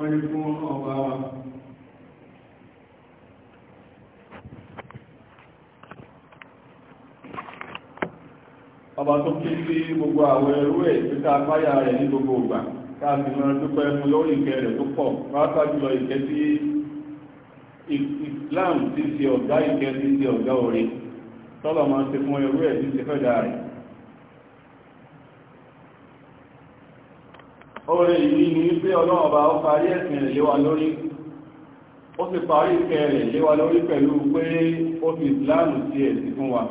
wọ́n ní fún ọba wa ọba gbogbo àwọn ẹrú ẹ̀ tí ká fáyà rẹ̀ ní gbogbo ìgbà ká sì máa dúpẹ́ fún lórí ìkẹ́ rẹ̀ tó pọ̀ pátá jùlọ ìkẹ́ sí Islam ti ṣe ọ̀gá ìkẹ́ ti ṣe ọ̀gá orí tọ́lọ̀ máa ń fún ẹrú ẹ̀ ṣe oore ìlú ni wípé ọlọ́run ọba ó parí ẹ̀sìn rẹ̀ léwa lórí ó sì parí ìkẹ́ rẹ̀ léwa lórí pẹ̀lú pé ó fi ìsìláàmù sí ẹ̀sìn fún wa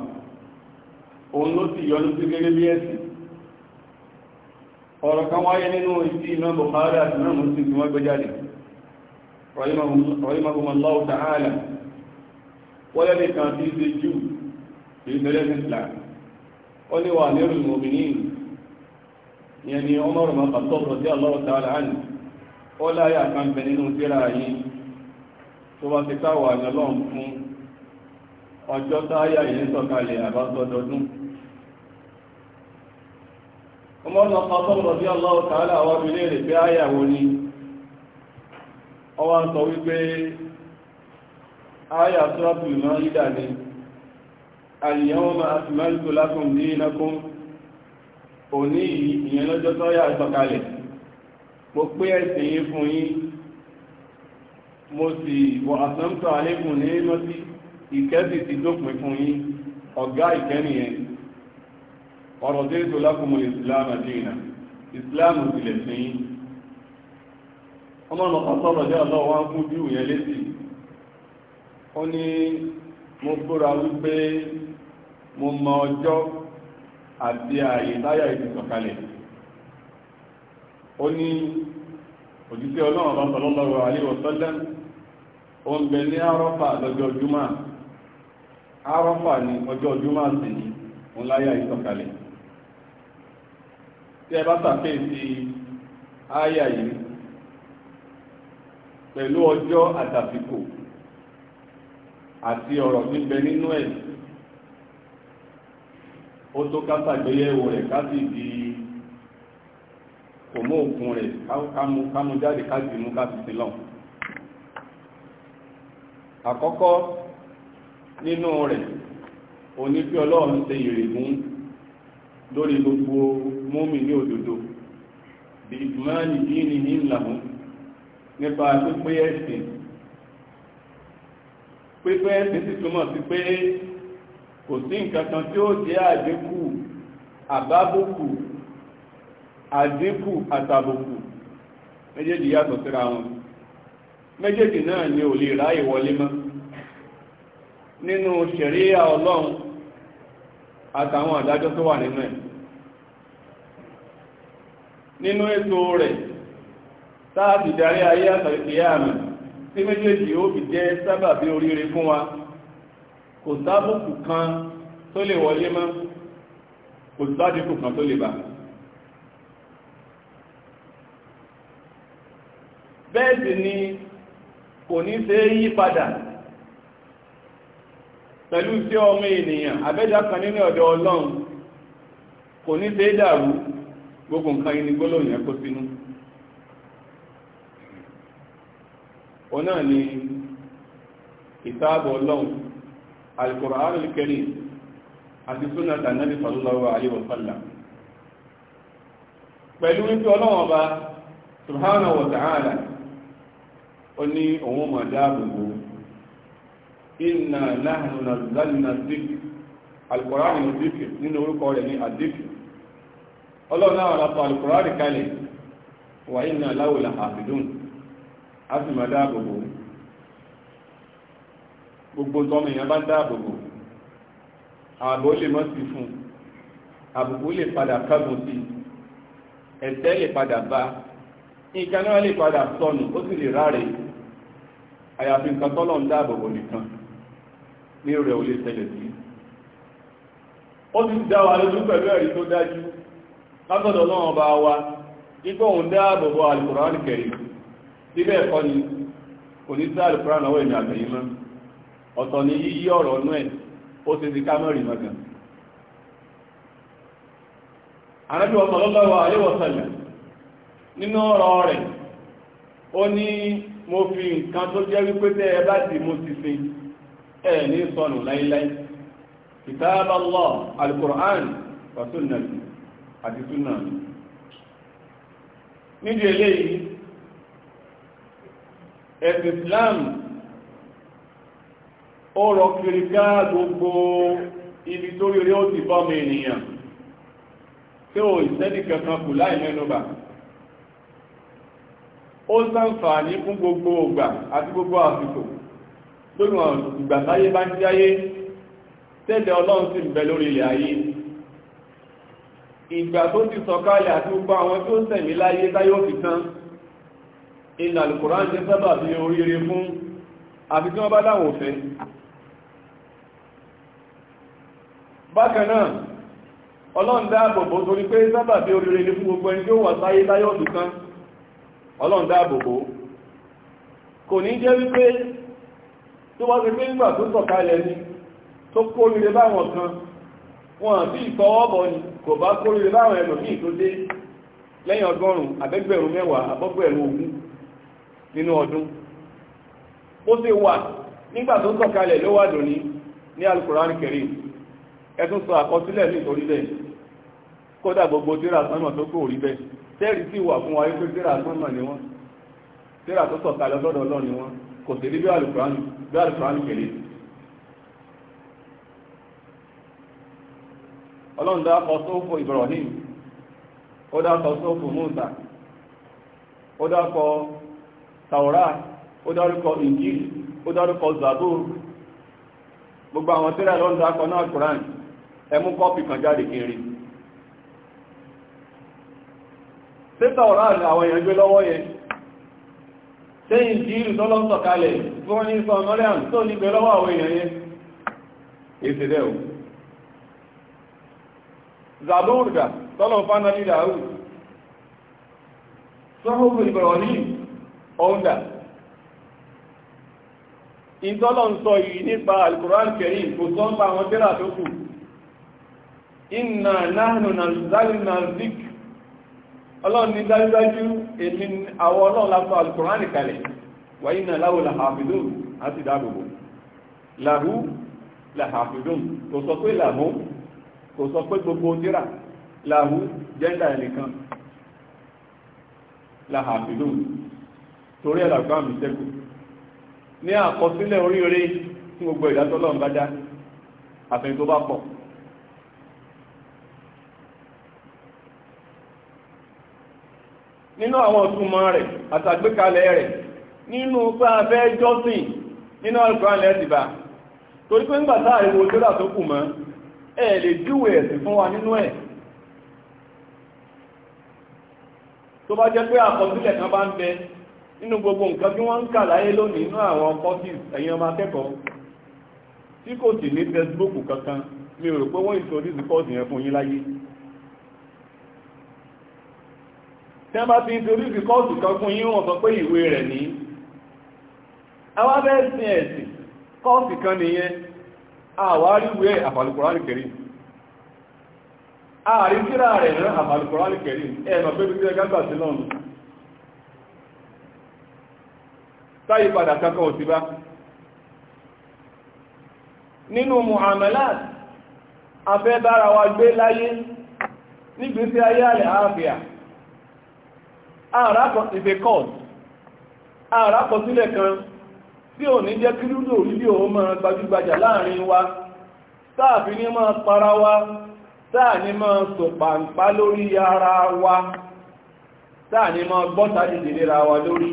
òun ló sì yọnu sí gẹ́gẹ́ bí ẹ̀sìn ọ̀rọ̀ kan wáyé nínú ìsí iná Bukhari àti náà mú sí wọ́n gbé jáde ìyẹn ni ọmọ ọ̀rọ̀ máa pàtó ọ̀rọ̀ sí ọlọ́rọ̀ tààrà ánì ó láyà kan bẹ nínú síra yìí tó bá ti káwà ní ọlọ́run fún ọjọ́ táyà yìí ń sọ̀kalẹ̀ àbásọdọdún ọmọ ọ̀rọ̀ pàtó ọ̀rọ̀ sí ọlọ́rọ̀ tààrà àwọn obìnrin ni ọwá sọ wípé áyà sọ́ọ̀tù náà yídà ni al òní ìyẹn lọ́jọ́ tó yà sọ̀kalẹ̀ mo pé ẹ̀sìn yín fún yín mo sì wọ àsántọ̀ alẹ́kùn ní mọ́tí ìkẹ́sì ti dópin fún yín ọ̀gá ìkẹ́nìyẹn ọ̀rọ̀ tí ètò lákùnmọ̀ ìsìláàmù àdínà ìsìláàmù ìsìlẹ̀ sí yín ọmọ ọ̀nà sọ̀rọ̀ jẹ́ ọlọ́wọ́ àti ààyè táyà ìdí sọ̀kalẹ̀ ó ní òjíṣẹ́ ọlọ́run bá sọlọ́lọ́rọ̀ àríwọ̀ sọ́lẹ́ ó ń bẹ ní arọ́fà lọ́jọ́ júmọ́ arọ́fà ní ọjọ́ júmọ́ sí ní ńláyà ìsọ̀kalẹ̀ tí ẹ bá sàkéèsí áyà yìí pẹ̀lú ọjọ́ àtàfikò àti ọ̀rọ̀ níbẹ̀ nínú ẹ̀ ó tó ká ṣàgbéyẹ̀wò rẹ̀ ká sì di kò mú òkun rẹ̀ ká mú jáde ká sì mú ká sì sí lọ́n àkọ́kọ́ nínú rẹ̀ òní pé ọlọ́run ṣe ìrègùn lórí gbogbo mọ́mì ní òdodo bí ìmáàlì dínì ní ìlànà nípa pípé ẹ̀sìn pípé ẹ̀sìn sì túmọ̀ sí pé kò sí nǹkan kan tí ó jẹ́ àdínkù àbábùkù àdínkù àtàbùkù méjèèjì yàtọ̀ síra wọn méjèèjì náà ni ò lè ráyè wọlé mọ́ nínú ṣẹ̀ríà ọlọ́run àtàwọn àdájọ́ tó wà nínú ẹ̀ nínú ètò rẹ̀ táàbì darí ayé àtàrí àmì tí méjèèjì ó fi jẹ́ sábàbí oríire fún wa kò sábùkù kan tó lè wọlé mọ́ kò sádìkù kan tó lè bà bẹ́ẹ̀ sì ni kò ní ṣe yí padà pẹ̀lú tí ọmọ ènìyàn abẹ́dá kan nínú ọ̀dọ̀ ọlọ́run kò ní ṣe dàrú gbogbo nǹkan yìí ni gbólóhùn yẹn sínú òun ni ìtaàbọ̀ ọlọ́run القرآن الكريم al-Karim àti sunnah Ànábì sallallahu alaihi wa sallam pẹ̀lú wípé ọlọ́wọ́n ọba subhanahu wa ta'ala ó ní òun mọ̀ dáàbòbò inna nahnu nazzalna dhikr al-Qur'an al-dhikr nínú orúkọ rẹ̀ ní adhikr ọlọ́run gbogbo tọmọ èèyàn bá dáàbòbò ààbò lè mọ́ sí fún àbùkù lè padà kágun sí ẹ̀tẹ́ lè padà bá nǹkan náà lè padà sọnù ó sì lè ráre àyàfi nǹkan tọ́lọ̀ ń dáàbòbò nìkan ní rẹ̀ ò lè ṣẹlẹ̀ sí ó ti dá wa lójú pẹ̀lú ẹ̀rí tó dájú látọ̀dọ̀ náà bá wa ipò òun dáàbòbò alìkùránì kẹrì síbẹ̀ ẹ̀kọ́ ni kò ní sí alìkùránì ọwọ́ ìrìn àtẹ̀yìn mọ́ ọ̀tọ̀ ni yíyí ọ̀rọ̀ nú ẹ̀ ó ti di kámẹ́rì mọ́gàn anábì sallallahu alaihi wasallam nínú ọ̀rọ̀ rẹ̀ ó ní mo fi nǹkan tó jẹ́ wípé tẹ́ ẹ bá ti mo ti fi ẹ̀ ní sọnù láíláí kitab Allah al-Qur'an ó rọ kiri ká gbogbo ibi tó rí rí ó ti bọ́mọ ènìyàn tí ó ìsẹ́dì kankan kù láì mẹ́nubà ó ṣàǹfààní fún gbogbo ògbà àti gbogbo àsìkò lórí ìgbà táyé bá ń jáyé tẹ́lẹ̀ ọlọ́run sì ń bẹ lórí ilẹ̀ ayé ìgbà tó ti sọ̀kalẹ̀ àti gbogbo àwọn tó wọ́n bá láwọn òfin bákanáà ọlọ́ndá àbòbò ní pé sábàbí oríire ní fún gbogbo ẹni tí ó wà sáyé láyọ̀ lùkán ọlọ́ndá àbòbò kò ní jẹ́ wípé tó wá sí pé nígbà tó sọ̀kalẹ̀ ni tó kó báwọn kan wọn àti ìfọwọ́bọ̀ ni kò bá kó oríire tó dé lẹ́yìn ọgọ́rùn-ún mẹ́wàá ogún nígbà tó sọ̀kalẹ̀ ló wà ní Al-Qur'an ẹtún sọ àkọsílẹ̀ ní gbogbo tíra sánmà tó kó orí tẹ́rì wà fún wáyé pé tíra sánmà ni wọ́n tíra tó sọ̀ka lọ́dọ̀ Ọlọ́run ni wọ́n kò sí ní bí alùpùránù kèlè Ọlọ́run kọ sófò Ibrahim ó ó gbogbo àwọn tíra náà ẹ mú kọ́pì kan jáde kiri títà ọ̀rá àwọn èèyàn gbé lọ́wọ́ yẹn sẹ́yìn tí ìlú tọ́lọ́sọ̀ kalẹ̀ tí wọ́n ní sọ mọ́rẹ́àn tó ní gbé lọ́wọ́ àwọn èèyàn yẹn èsì rẹ̀ o zaburga tọ́lọ̀ fánà ní ìdàrú sọ́hùkù ìbọ̀rọ̀ ní ọ̀ndà ìtọ́lọ̀ ń sọ yìí nípa alkùrán kẹrin kò sọ́ńpa àwọn tẹ́lá tó kù na náà nàzàlìnà zik ọlọ́run ní dájúdájú èmi àwọn ọlọ́run lápá alkùnránì kalẹ̀ wà iná láwò làhàfidùn àti dáàbòbò làhú làhàfidùn kò sọ pé làhú kò sọ pé gbogbo tíra làhú jẹ́ndà ẹnìkan làhàfidùn torí ẹ̀làgbà mi sẹ́kù nínú àwọn ọ̀túnmọ́ rẹ̀ àtàgbékalẹ̀ rẹ̀ nínú pàfẹ́ jọ́sìn nínú alkùnrin ẹ̀dìbà torí pé ńgbàtà àríwò jọ́dà tó kù mọ́ ẹ̀ lè júwẹ̀ ẹ̀sìn fún wa nínú ẹ̀ tó bá jẹ́ pé àkọsílẹ̀ kan bá ń bẹ nínú gbogbo nǹkan tí wọ́n ń kà láyé lónìí nínú àwọn courses ẹ̀yin ọmọ akẹ́kọ̀ọ́ tí kò sì Facebook kankan mi ò rò pé wọ́n ìṣòdí sí course yẹn fún tí wọ́n bá ti introduce kọ́ọ̀sì kan fún yín wọ́n sọ pé ìwé rẹ̀ ní awábẹ́sìn ẹ̀sìn kọ́ọ̀sì kan nìyẹn àwáríwé àfàlùkùránì kẹrì ààrí kíra rẹ̀ rẹ̀ àfàlùkùránì kẹrì ẹ̀mọ̀ pé bí i gágbà sí lọ́nà táyì padà kankan ò sí bá nínú muhammadat afẹ́ bára wa gbé láyé nígbésí ayé àlẹ́ àáfíà àràkọ̀ ìfẹ́ court àràkọ̀ sílẹ̀ kan tí ò ní jẹ́ kílúdò orílẹ̀ òun máa gbajúgbajà láàrin wa sáàfin ní máa para wa sáà ní máa lori lórí ara wa sáà ní máa gbọ́ta wa lórí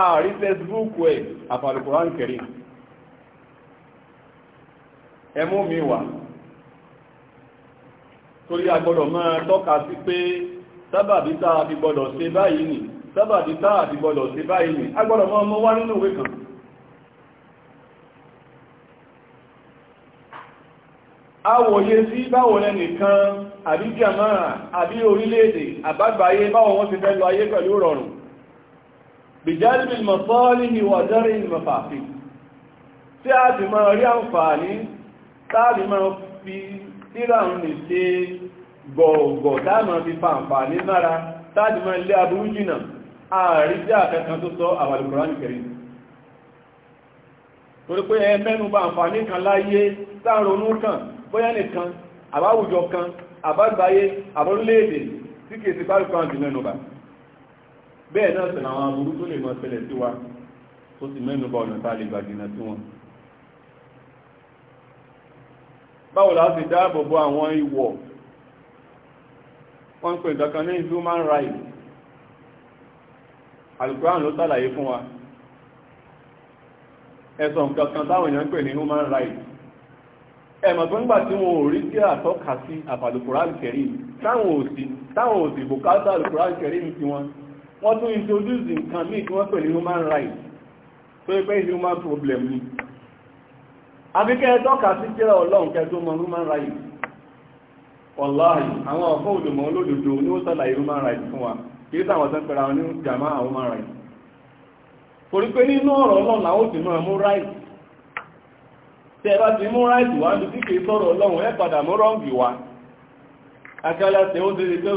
ààrí facebook ẹ̀ àfàlùkùrán kẹrin ẹmú mi wà torí agbọ́dọ̀ máa tọ́ka sí pé sábàbí táà fi gbọdọ̀ ṣe báyìí nì sábàbí táà fi gbọdọ̀ ṣe báyìí nì agbọ́dọ̀ mọ́ ọmọ wá nínú ìwé kan awòye sí báwọn ẹnìkan àbí jàmáà àbí orílẹ̀-èdè àbágbàáyé báwọn wọ́n ti fẹ́ lọ ayé pẹ̀lú rọrùn bìjálìbì mọ̀sọ́ọ́lì gọ̀ọ̀gọ̀ táàmà fi fàǹfà ní mára táàdì máa lé aburú jìnà ààrí jẹ́ àkẹ́kan tó sọ àwàlùkùránì kẹrin torí pé ẹ mẹ́nu bá àǹfààní kan láyé táàrọ̀nú kan bóyá nìkan àbáwùjọ kan àbágbáyé àbọ́lúléèdè tí kìí sí pálùkùránì ti mẹ́nu bà bẹ́ẹ̀ náà sẹ̀lẹ̀ àwọn aburú tó lè mọ́ ṣẹlẹ̀ sí wa tó sì mẹ́nu bá ọ̀nà tá a lè gbàjìnà sí wọn báwo la ti dáàbò bo àwọn ìwọ̀ wọ́n ń pè ní human rights alukuran ló sàlàyé fún wa ẹ̀sọ̀ nǹkan kan táwọn èèyàn ń pè ní human rights ẹ̀mọ̀ tó ń gbà tí wọn ò rí sí àtọ́ka sí àfàlùkùrán kẹrí táwọn òsì táwọn òsì kẹrí ti wọn wọ́n tún introduce nǹkan míì tí wọ́n pè ní human rights tó yẹ pé human problem ni àbíkẹ́ ẹ tọ́ka sí jẹ́ ọlọ́run kẹ́ mọ human rights wàláhì àwọn ọ̀fọ́ olùmọ̀ olódodo ní ó sàlàyé human rights fún wa kì í sàwọn tó ń ní jàmá human rights torí pé nínú ọ̀rọ̀ ọlọ́run làwọn ò sì mú tẹ́ ẹ bá ti mú right wá ní kíkè sọ́rọ̀ ọlọ́run ẹ padà mú wá akẹ́lẹ́ ó tẹ́ náà jẹ́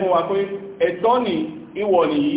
fún wa pé ẹ̀tọ́ ni ìwọ̀ nìyí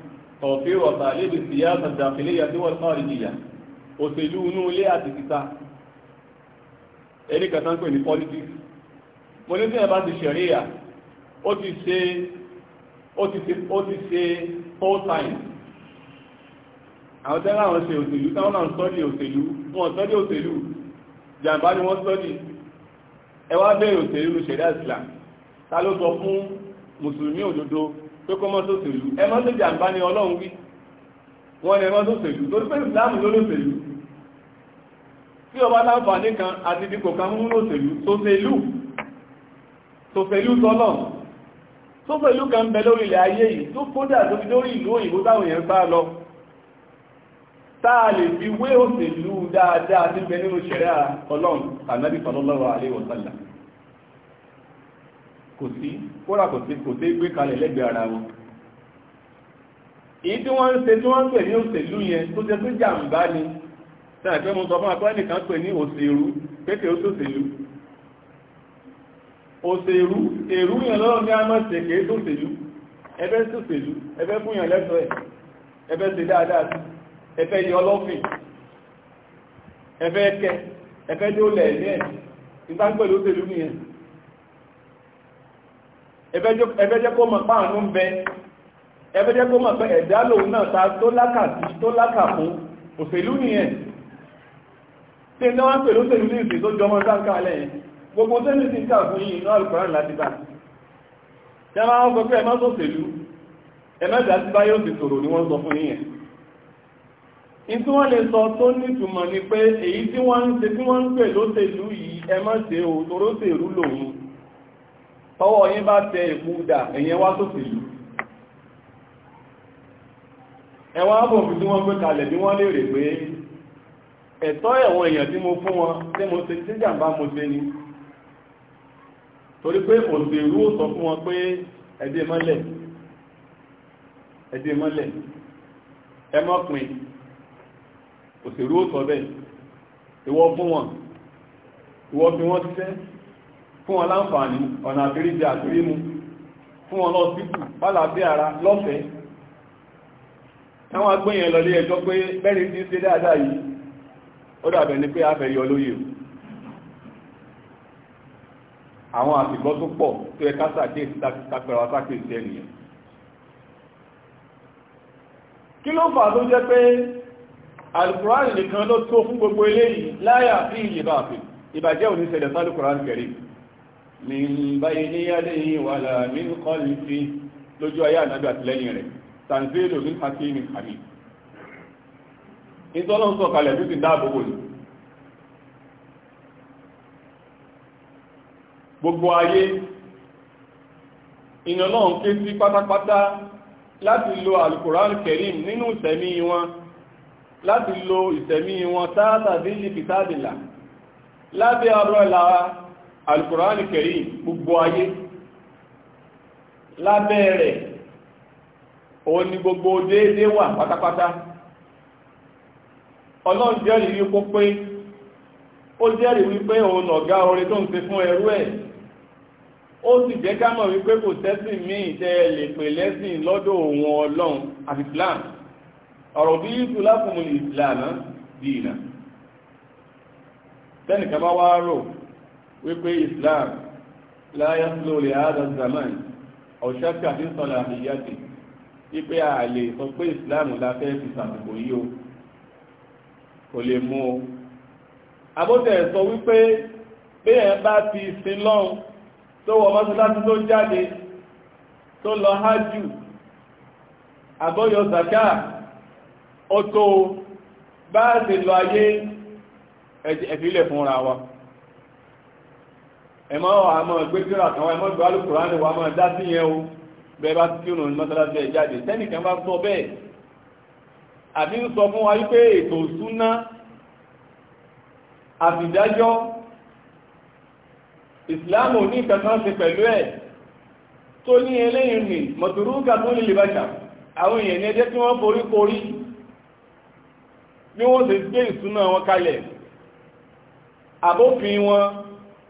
ọ̀fẹ́ wọ̀ta lébi síyáàtà dàkìlẹ́yà tí wọ́n sọ́ọ̀rì jìyà òṣèlú inú ilé àti títà ẹni kàtà ń pè ní politics mo ní tíyẹ̀ bá ti ṣẹ̀ríyà ó ti ṣe ó ti ṣe ó ti ṣe all time àwọn tẹ́lá àwọn ṣe òṣèlú táwọn náà ń sọ́dí òṣèlú wọn sọ́dí òṣèlú jàǹbá ni wọ́n sọ́dí ẹ wá bẹ̀rẹ̀ òṣèlú ṣẹ̀dá ìsìlá ta ló sọ fún mùsùlùmí òdodo pé kó mọ́ sóṣèlú ẹ mọ́ sójà ń bá ní ọlọ́run wí wọ́n ní ẹ mọ́ sóṣèlú torí pé ìsìláàmù ló lóṣèlú tí ọba kan àti kan mú tọ́lọ̀ kan bẹ lórí ilẹ̀ ayé yìí tó kódà tó fi lórí ìlú òyìnbó táwọn èèyàn bá lọ lè fi wé dáadáa bẹ nínú ṣẹ̀rẹ́ ọlọ́run tàbí kò sí kóra kò sí kò sí gbé kalẹ̀ lẹ́gbẹ̀ẹ́ ara wọn èyí tí wọ́n ń ṣe tí wọ́n ń pè ní òṣèlú yẹn tó jẹ́ pé jàǹbá ni sáà pé mo sọ fún akọ́ ẹnìkan pè ní òṣèlú kéèké ó ṣòṣèlú òṣèlú èrú yẹn lọ́rọ̀ ní àmọ́ ṣe kéé ṣòṣèlú ẹbẹ́ ṣòṣèlú ẹbẹ́ fún yàn lẹ́tọ̀ọ́ ẹ̀ ẹbẹ́ ṣe dáadáa sí ẹbẹ́ yọ lọ́fìn ẹbẹ́ kẹ ẹbẹ́ tó lẹ̀ ní ẹ̀ ìbá pẹ̀lú òṣèlú nìyẹn ẹbẹ́jẹ́ kó mọ̀ páànú ń bẹ ẹbẹ́jẹ́ kó mọ̀ pé ẹ̀dá lòun náà ta tó lákà sí tó lákà fún òṣèlú nìyẹn tí ẹ̀dá wá pẹ̀lú òṣèlú ní ìsìn tó jọmọ́ sáńkà lẹ́yìn gbogbo sẹ́ni ti ń kà fún yìí náà alùpùrán láti bá jẹ́ máa ń sọ pé ẹmọ́ sòṣèlú ẹmẹ́ta ti bá yóò ti sọ̀rọ̀ ni wọ́n sọ fún yìnyẹn ìtí wọ́n lè sọ tó nítumọ̀ ni pé èyí tí wọ́n ń ṣe tí wọ́n ń pè lóṣèlú yìí ẹmọ́ ṣe òṣèlú tọwọ́ yín bá tẹ ìpúdà ẹ̀yẹn wá sófèlú ẹwà ábòfin tí wọ́n gbé kalẹ̀ bí wọ́n lèrè pé ẹ̀tọ́ ẹ̀wọ̀n èèyàn tí mo fún wọn tí mo ṣe tí jàmbá mo ṣe ni torí pé òṣèrú ò sọ fún wọn pé ẹdí mọ́lẹ̀ ẹdí mọ́lẹ̀ ẹmọ́pin òṣèrú ò sọ bẹ́ẹ̀ ìwọ fún wọn ìwọ fi wọ́n ti fẹ́ fún wọn láǹfààní ọ̀nà àfẹ́ríjẹ àfẹ́rímú fún wọn lọ síkù pálàbí ara lọ́fẹ̀ẹ́ táwọn agbóyìn lọlé ẹjọ́ pé bẹ́rin tí ń ṣe dáadáa yìí ó dàbẹ̀ ní pé afẹ́ yọ lóye o àwọn àtìgbọ́ tó pọ̀ tó ẹ kásà dé ìtàkùrọ̀ sákèsí ẹnìyàn kí ló fà tó jẹ́ pé alukùránì nìkan ló tó fún gbogbo eléyìí láyà sí ìyẹ̀bàfẹ́ ìbàjẹ́ òní ṣẹlẹ̀ sálùkùránì kẹrì min bayni yadihi wala min khalfihi lójú ayé ànábì àtìlẹ́yìn rẹ̀ tanzilu min hakimin hamid ìtọ́lọ́n sọ kalẹ̀ tó ti dáàbòbò ní gbogbo ayé ìnàlọ́n ké sí pátápátá láti lo alukuran kerim nínú ìsẹ̀mí wọn láti lo ìsẹ̀mí wọn tààtà bí i kìtàdìlà lábẹ́ ọ̀rọ̀ ìlàwà alukùránì kẹrí gbogbo ayé lábẹ́ rẹ̀ òun ni gbogbo déédé wà pátápátá ọlọ́run jẹ́rìí wípó pé ó jẹ́rìí wípé òun ọ̀gá orin tó ń ṣe fún ẹrú ẹ̀ ó sì jẹ́ ká mọ̀ wípé kò sẹ́sìn míì tẹ́ lè pè lẹ́sìn lọ́dọ̀ òun ọlọ́run àti Islam ọ̀rọ̀ bí yíṣu láfùmù Islam dìínà tẹ́nìkan bá wá rò wípé islam láyé lórí àádọ́ zaman ọ̀ṣẹ́kà ní sọ̀lá àyíyáde wípé a lè sọ pé islam la fẹ́ fi sàtìkò yìí o kò lè mú o àbótẹ̀ sọ wípé bí ẹ̀ bá ti sin lọ́hùn tó wọ mọ́sálásí tó jáde tó lọ hajj àbọ́yọ zaka ó tó bá ti lọ ayé ẹ̀fílẹ̀ fúnra wa ẹmọ́ àmọ́ gbẹ́tìrà kan wá ẹmọ́ gbọ́ alùkùránì wà mọ́ dá sí yẹn o bẹ́ẹ̀ bá tí ònà mọ́sálásí ẹ̀ jáde tẹ́nìkan bá sọ bẹ́ẹ̀ àbí ń sọ fún wa wípé ètò súná àtìdájọ́ ìsìláàmù ní ìkankan ṣe pẹ̀lú ẹ̀ tó ní eléyìn rìn mọ̀tòrúkà tó lè bàṣà àwọn èèyàn ní ẹjẹ́ tí wọ́n forí korí bí wọ́n ṣe gbé ìsúná wọn kalẹ̀ àbófin wọn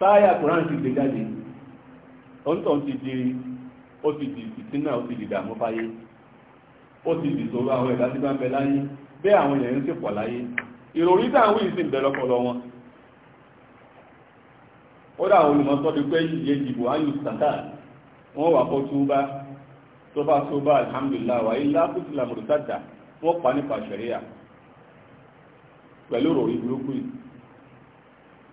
táyà kùránì ti gbé jáde ọ̀ntọ̀ ti di ó ti di ìtínà ó ti di ìdààmú fáyé ó ti di ìṣòro àwọn ẹ̀dá tí bá ń bẹ láyé bẹ́ẹ̀ àwọn èèyàn ń sì pọ̀ láyé ìròrí táwọn ìsìn bẹ̀ lọ́pọ̀lọ́ wọn ó dà àwọn olùmọ̀sọ́ ti pé ìyẹ ìdìbò ayù sàtà wọ́n wà fọ́ túbá tó bá túbá alhamdulillah wà ilá kùtù làmùrù sàtà wọ́n pa nípa ṣẹ̀ríà pẹ̀lú ìròrí burúkú yìí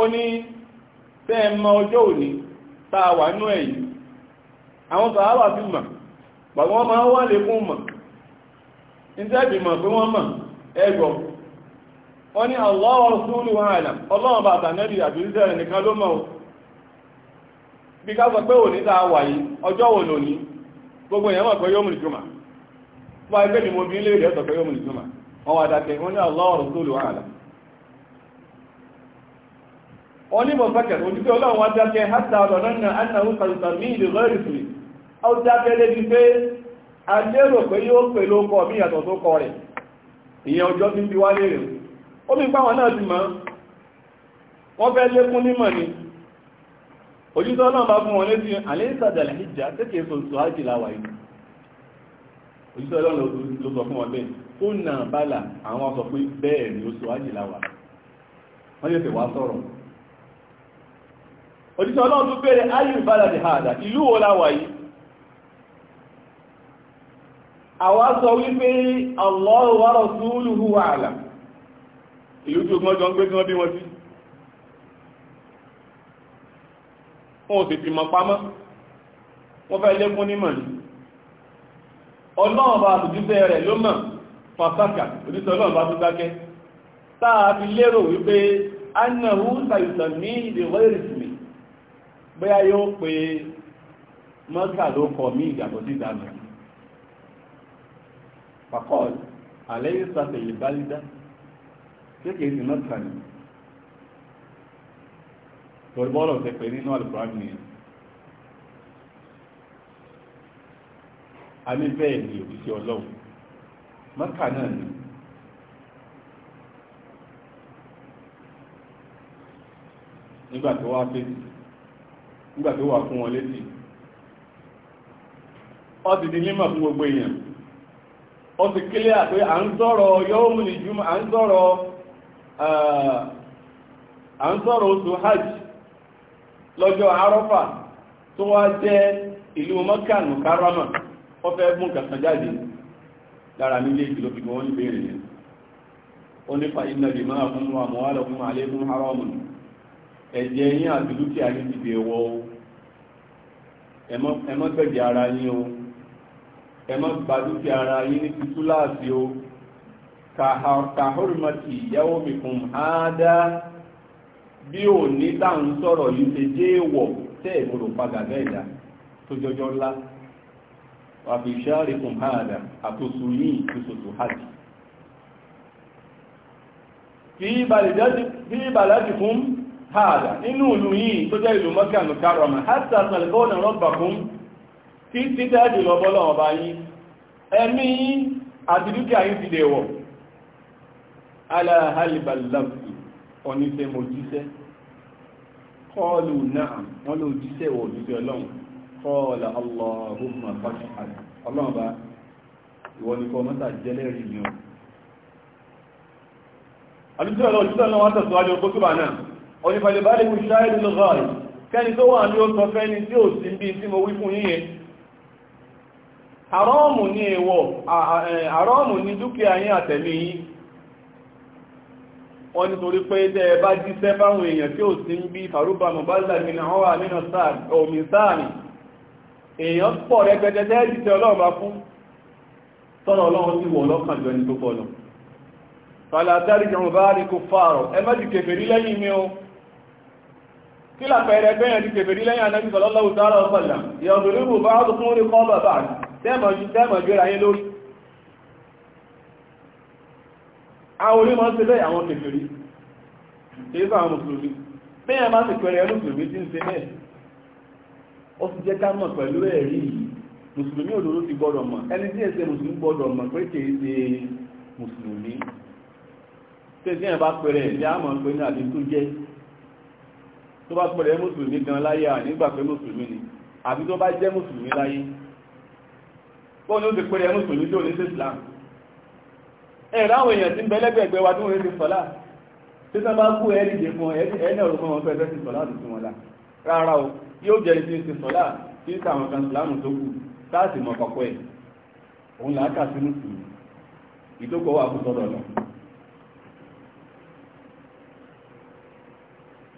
ó ní tẹ́ ẹ ọjọ́ òní tá a wà nú ẹ̀yìn àwọn sàábà fi mà bàbá ma a wà fún mà ìtẹ́bì mọ̀ pé wọ́n mọ̀ ẹgbọ́ wọ́n ní Allahu Rasulu wa alam ọlọ́run bàtà nẹ́bì pé wà yìí ọjọ́ gbogbo mo bí yóò mú wọ́n ní mọ̀fẹ́kẹ̀ òjúkẹ́ ọlọ́run wá dákẹ́ hátà ọ̀rọ̀ náà annáwó kàrùsàmí ìlú lọ́rìsì ó dákẹ́ pé a lérò pé yóò pè ló kọ mí yàtọ̀ tó kọ rẹ̀ ìyẹn ọjọ́ tí ń bí wá lérè ó bí páwọn náà ti ma wọ́n fẹ́ lékún nímọ̀ ni òjútọ́ náà bá fún wọn létí àlẹ́sàdàlẹ̀ ìjà tẹ́kẹ̀ẹ́ sọ sọ yìí òjíṣẹ́ ọlọ́run tó bèèrè ayù baladi hada ìlú wo la wà yìí àwa sọ wípé Allahu wa rasuluhu a'lam ìlú tí ogun ọjọ́ ń gbé tí wọ́n bí wọn sí wọn ò sì fi mọ̀ pamọ́ wọ́n fẹ́ lékún ní mọ̀ní ọlọ́run bá àtòjíṣẹ́ rẹ̀ ló mọ̀ fàfákà òjíṣẹ́ ọlọ́run bá tó dákẹ́ táà fi lérò wípé annahu sayusami ìdèwọ́ ìrìsìmì bóyá yóò pe mọ́kà ló kọ mí ìgbàgbọ́ sí ìdáná pàkọ́ọ̀lù àlẹ́ yóò sàtẹ̀ lè bá lídá kéèké sí mọ́kà ni torí bọ́ọ̀lù tẹ pé nínú àlùkùránì nìyẹn a ní bẹ́ẹ̀ ni òṣìṣẹ́ ọlọ́run mọ́kà náà ni nígbà tó wá fèsì nígbà tó wà fún wọn létí ó ti di límọ̀ fún gbogbo èèyàn ó ti kílẹ̀ àpé à ń sọ̀rọ̀ yọ́ọ̀mù ní jùmọ̀ à ń sọ̀rọ̀ à ń sọ̀rọ̀ oṣù hajj lọ́jọ́ arọ́fà tó wá jẹ́ ìlú mọ́kà nùkárọ́mà ó fẹ́ mú jáde lára nílé fi gbọ́n ní bèèrè ó nípa ẹ̀jẹ̀ yín àti dúkìá yín ti dè wọ o ẹ má gbẹ̀jẹ̀ ara yín o ẹ má gba dúkìá ara yín ní títú láàbí o kàhórìmọ̀tì ìyàwó mi kùn áádá bí òní táwọn sọ̀rọ̀ yìí ṣe dé wọ̀ tẹ́ ìgbòrò padà bẹ́ẹ̀ dá tó jọjọ ńlá wàbíṣáre kùn áádá àtòsù yìí tòṣòṣò hajj fi ìbàlẹ̀ fún hàdà nínú ìlú yìí tó jẹ́ ìlú mọ́kànlù kárọ̀mà hátà tàlẹ̀kọ́nà rọ́bàkún ọgbakọ títẹ́ jù lọ bọ́lọ̀ ọba yìí ẹ̀mí àti dúkìá yìí ti dẹ̀wọ̀ aláhàlìbàláfì oníṣẹ́ mo jíṣẹ́ onífàlẹ̀bálẹ̀ mú ṣáàrì lọ́gáàrí kẹni tó wà ní ó sọ fẹ́ni tí ó sì bí tí mo wí fún yíyẹn àrọ́ọ̀mù ní èwọ̀ àrọ́ọ̀mù ní dúkìá yín àtẹ̀mí yín wọ́n ní torí pé tẹ́ bá jíṣẹ́ fáwọn èèyàn tí ó sì ń bí farúbà mọ̀bálà nínú àwọn àmìnà omi sáàmì èèyàn pọ̀ rẹpẹtẹ tẹ́ jíṣẹ́ ọlọ́run bá kèfèrí lẹ́yìn mi o kí làpẹẹrẹ bẹ́ẹ̀ ti kèfèrí lẹ́yìn anábì sallallahu ta'ala wa sallam yadribu ba'dukum riqaba ba'd tẹ́mọ̀ gbéra yín lórí àwọn onímọ̀ ń ṣe bẹ́ẹ̀ àwọn kèfèrí kìí fún àwọn mùsùlùmí bẹ́ẹ̀ máa ti pẹ̀rẹ̀ mùsùlùmí tí ń ṣe bẹ́ẹ̀ ó sì jẹ́ ká mọ̀ pẹ̀lú ẹ̀rí mùsùlùmí òdòdó ti gbọ́dọ̀ mọ̀ ẹni tí ẹ̀ṣẹ̀ mùsùlùmí gbọ́dọ̀ mọ̀ pé bá pẹ̀rẹ̀ ẹ̀ṣẹ̀ á mọ̀ àdínkù jẹ́ tó bá pẹ̀lẹ̀ mùsùlùmí gan láyé à nígbà pé mùsùlùmí ni àbí tó bá jẹ́ mùsùlùmí láyé bó ní ó ti pẹ̀lẹ̀ mùsùlùmí tó ní sí Islam ẹ̀rọ àwọn èèyàn tí ń bẹ́lẹ́gbẹ̀gbẹ̀ wa tó ń rí sọ́lá tí wọ́n bá kú ẹ̀rí dè fún ẹ̀ẹ́nà ọ̀rọ̀ fún wọn fẹ́ẹ́ sí sọ́lá o yóò jẹ́ ní ti sọ́lá tí káwọn kan Ìsìlámù tó kù táàsì mọ̀ kọ̀kọ́ ẹ̀ òun làákà sí mùsùlùmí náà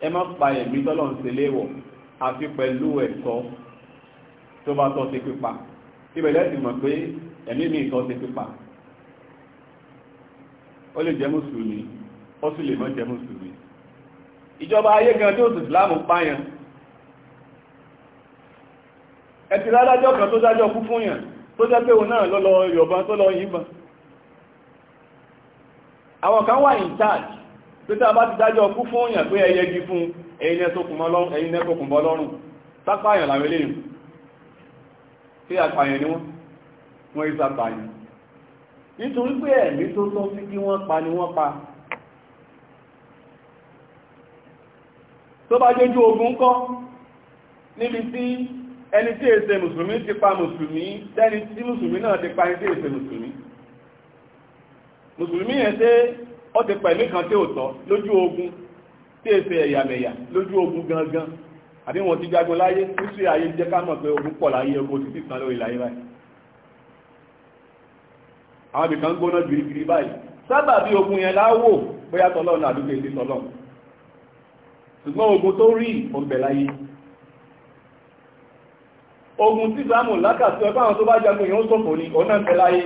ẹ má pa ẹ̀mí tọ́lọ̀ ń ṣe léèwọ̀ àfi pẹ̀lú ẹ̀tọ́ tó bá tọ́ sí pípa ìbẹ̀lẹ́ ti mọ̀ pé ẹ̀mí mi tọ́ sí pípa ó lè jẹ́ mùsùlùmí ó sì lè má jẹ́ mùsùlùmí ìjọba ayé gan tí ó sì láàmú páyàn ẹ ti rádájọ́ kan tó dájọ́ kú fún yàn tó jẹ́ pé òun náà lọ́lọ́ yọ̀bọn tó lọ yìnbọn àwọn kan wà in charge pété àbá ti dájọ́ ọkú fún òyìn pé ẹyẹ gi fún ẹyin ẹsọkùnmọ́ lọ́rùn sápàyàn làwọn eléyìn tí àpàyàn ni wọ́n wọ́n yí sápàyàn nítorí pé ẹ̀mí tó tọ́ sí kí wọ́n pa ni wọ́n pa tó bá jẹ́jú ogun kọ́ níbi tí ẹni tí èsè mùsùlùmí ti pa mùsùlùmí tẹ́ni tí mùsùlùmí náà ti pa ẹni tí èsè mùsùlùmí mùsùlùmí yẹn tẹ́ ó ti pẹ̀lú kan tí ò tọ́ lójú ogun tí èsè e ẹ̀yàmẹ̀yà lójú ogun gangan àbí wọn ti jagun láyé nísú ayé jẹ́ ká mọ̀ pé ogun pọ̀ láyé ogun ti ti tán lórí láyé báyìí àwọn ibìkan gbóná gbìrìgbìrì báyìí sábà bí ogun yẹn láwò bóyá tọlọ́run àdúgbò èdè tọlọ́run ṣùgbọ́n ogun tó rí ọ̀bẹ̀ láyé ogun tí ìsìlámù lákàtí ọgbà àwọn tó bá jagun yẹn ó sọ̀fọ̀ ni ọ̀nà ń bẹ láyé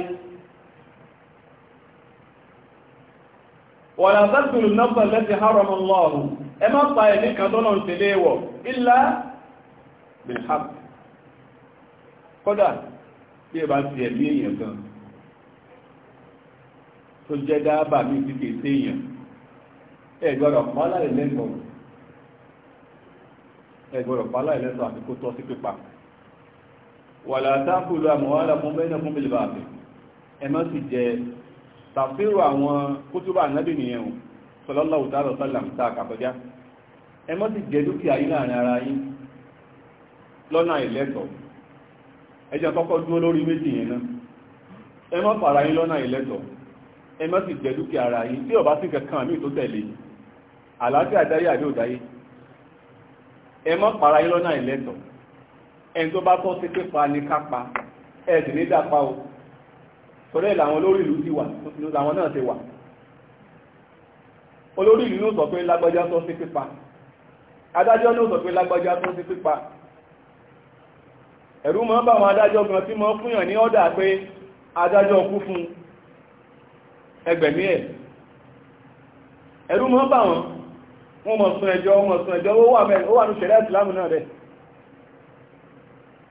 wọ̀lá tàbílù náà lẹ́tí haramun lọ́rùn ẹ má pa ẹ̀ ní kàtọ́nà tẹ̀lé wọ̀ ilá bilhaq kódà tí ẹ bá ti ẹ̀mí èèyàn gan tó jẹ́ dáábà ní ìsìnkè sí èèyàn ẹ gbọ́dọ̀ pálá ìlẹ́sọ̀ ẹ gbọ́dọ̀ pálá ìlẹ́sọ̀ àti kó tọ́ sí pípa wọ̀lá tàbílù àmọ́wálà fún bẹ́ẹ̀ tàfíìrù àwọn kútúbà nábì nìyẹn sọlọ́lọ́wù tààrọ̀ sálàm tá a kàkọjá ẹ mọ́ sì jẹ dúkìá yín láàrin ara yín lọ́nà ìlẹ́tọ̀ ẹ jẹ́ kọ́kọ́ dúró lórí méjì yẹn náà ẹ mọ́ fara yín lọ́nà ìlẹ́tọ̀ ẹ mọ́ sì jẹ dúkìá ara yín tí ó bá sì kankan àmì tó tẹ̀lé àlàáfíà dáyé àbí òdáyé ẹ para yín lọ́nà ìlẹ́tọ̀ ẹni tó bá tọ́ sí pípa ní kápa ẹ sì ní o torí ẹ̀ làwọn olórí ìlú ti wà làwọn náà ti wà olórí ìlú ló sọ pé lágbájá tó sí pípa adájọ́ ló sọ pé lágbájá tó sí pípa ẹ̀rú mọ́ bá àwọn adájọ́ gan tí mọ́ fúnyàn ní ọ́dà pé adájọ́ kú fún ẹgbẹ̀mí ẹ̀ ẹ̀rú mọ́ bá wọn wọ́n mọ̀ sún ẹjọ́ wọ́n mọ̀ sún ẹjọ́ ó wà ní ṣẹ̀rẹ́ ìsìlámù náà rẹ̀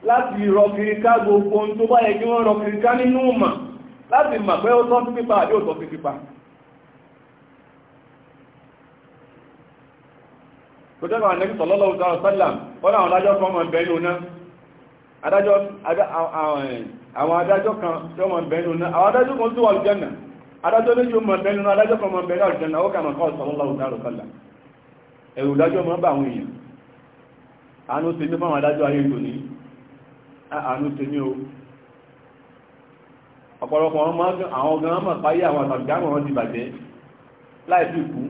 láti rọ kiri gbogbo ohun tó bá yẹ kí wọ́n rọ kiri nínú mọ̀ láti mọ̀ pé ó tọ́ sí pípa àbí ò tọ́ sí pípa tó jẹ́ àwọn ẹ̀nẹ́bí sọ̀lọ́lọ́ ìdára sálàm wọ́n àwọn adájọ́ kan mọ̀ bẹ̀ẹ́nu náà àwọn adájọ́ kan tó mọ̀ bẹ̀ẹ́nu náà àwọn adájọ́ kan tó wà lùjẹ́nà adájọ́ méjì mọ̀ bẹ̀ẹ́nu náà adájọ́ kan mọ̀ bẹ̀ẹ́nu àlùjẹ́nà ó kàmọ̀ kọ́ sọ̀lọ́lọ́ ìdára sálàm ẹ̀rù dájọ́ mọ́ bá àwọn èèyàn àánú tèmi fáwọn adájọ́ ayé tòní àánú tèmi o ọ̀pọ̀lọpọ̀ àwọn gan mọ̀ páyé àwọn àtàgbàmọ̀ wọn ti bàjẹ́ láìsí ìkú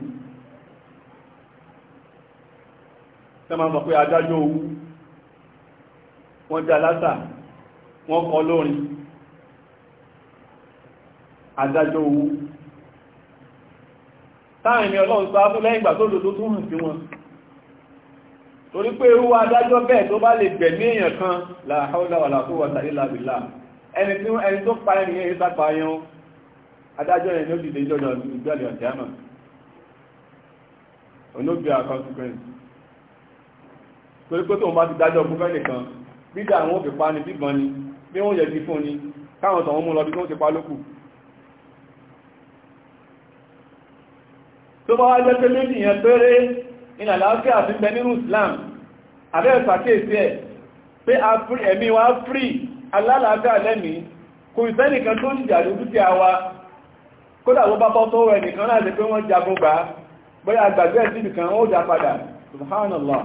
tẹ́ máa mọ̀ pé adájọ́ owó wọ́n já látà wọ́n kọ lórin adájọ́ owó táàrin ni ọlọ́run sọ fún lẹ́yìn ìgbà tó lò tó tún hàn sí wọn torí pé irú adájọ́ bẹ́ẹ̀ tó bá lè gbẹ̀mí èèyàn kan la hawla wala quwwata illa ẹni tí ẹni tó pa ẹni yẹn sápa yẹn adájọ́ yẹn ló dìde ìjọjọ ìgbẹ́lẹ̀ ọ̀dẹ́mà onóbìá consequence torí pé tóun bá ti dájọ́ fún fẹ́nìkan bídà àwọn òkè pa ni bíbọn ni bí wọ́n yẹ ti fún ni káwọn tọ̀wọ́n mú lọ bí wọ́n ti pa lókù tó bá wá jẹ́ pé méjì yẹn péré ìnà àlàáfíà àti bẹ nínú Islam abẹ́ ìsàkéèsí ẹ̀ pé ẹ̀mí wa free alálàáfíà lẹ́mí kò ìsẹ́nìkan tó jìjà lójú tí a wa kódà ló bá bọ́ tó rẹ̀ nìkan láti pé wọ́n jagun gbà bóyá àgbàgbé ẹ̀sì nìkan ó dá padà subhanallah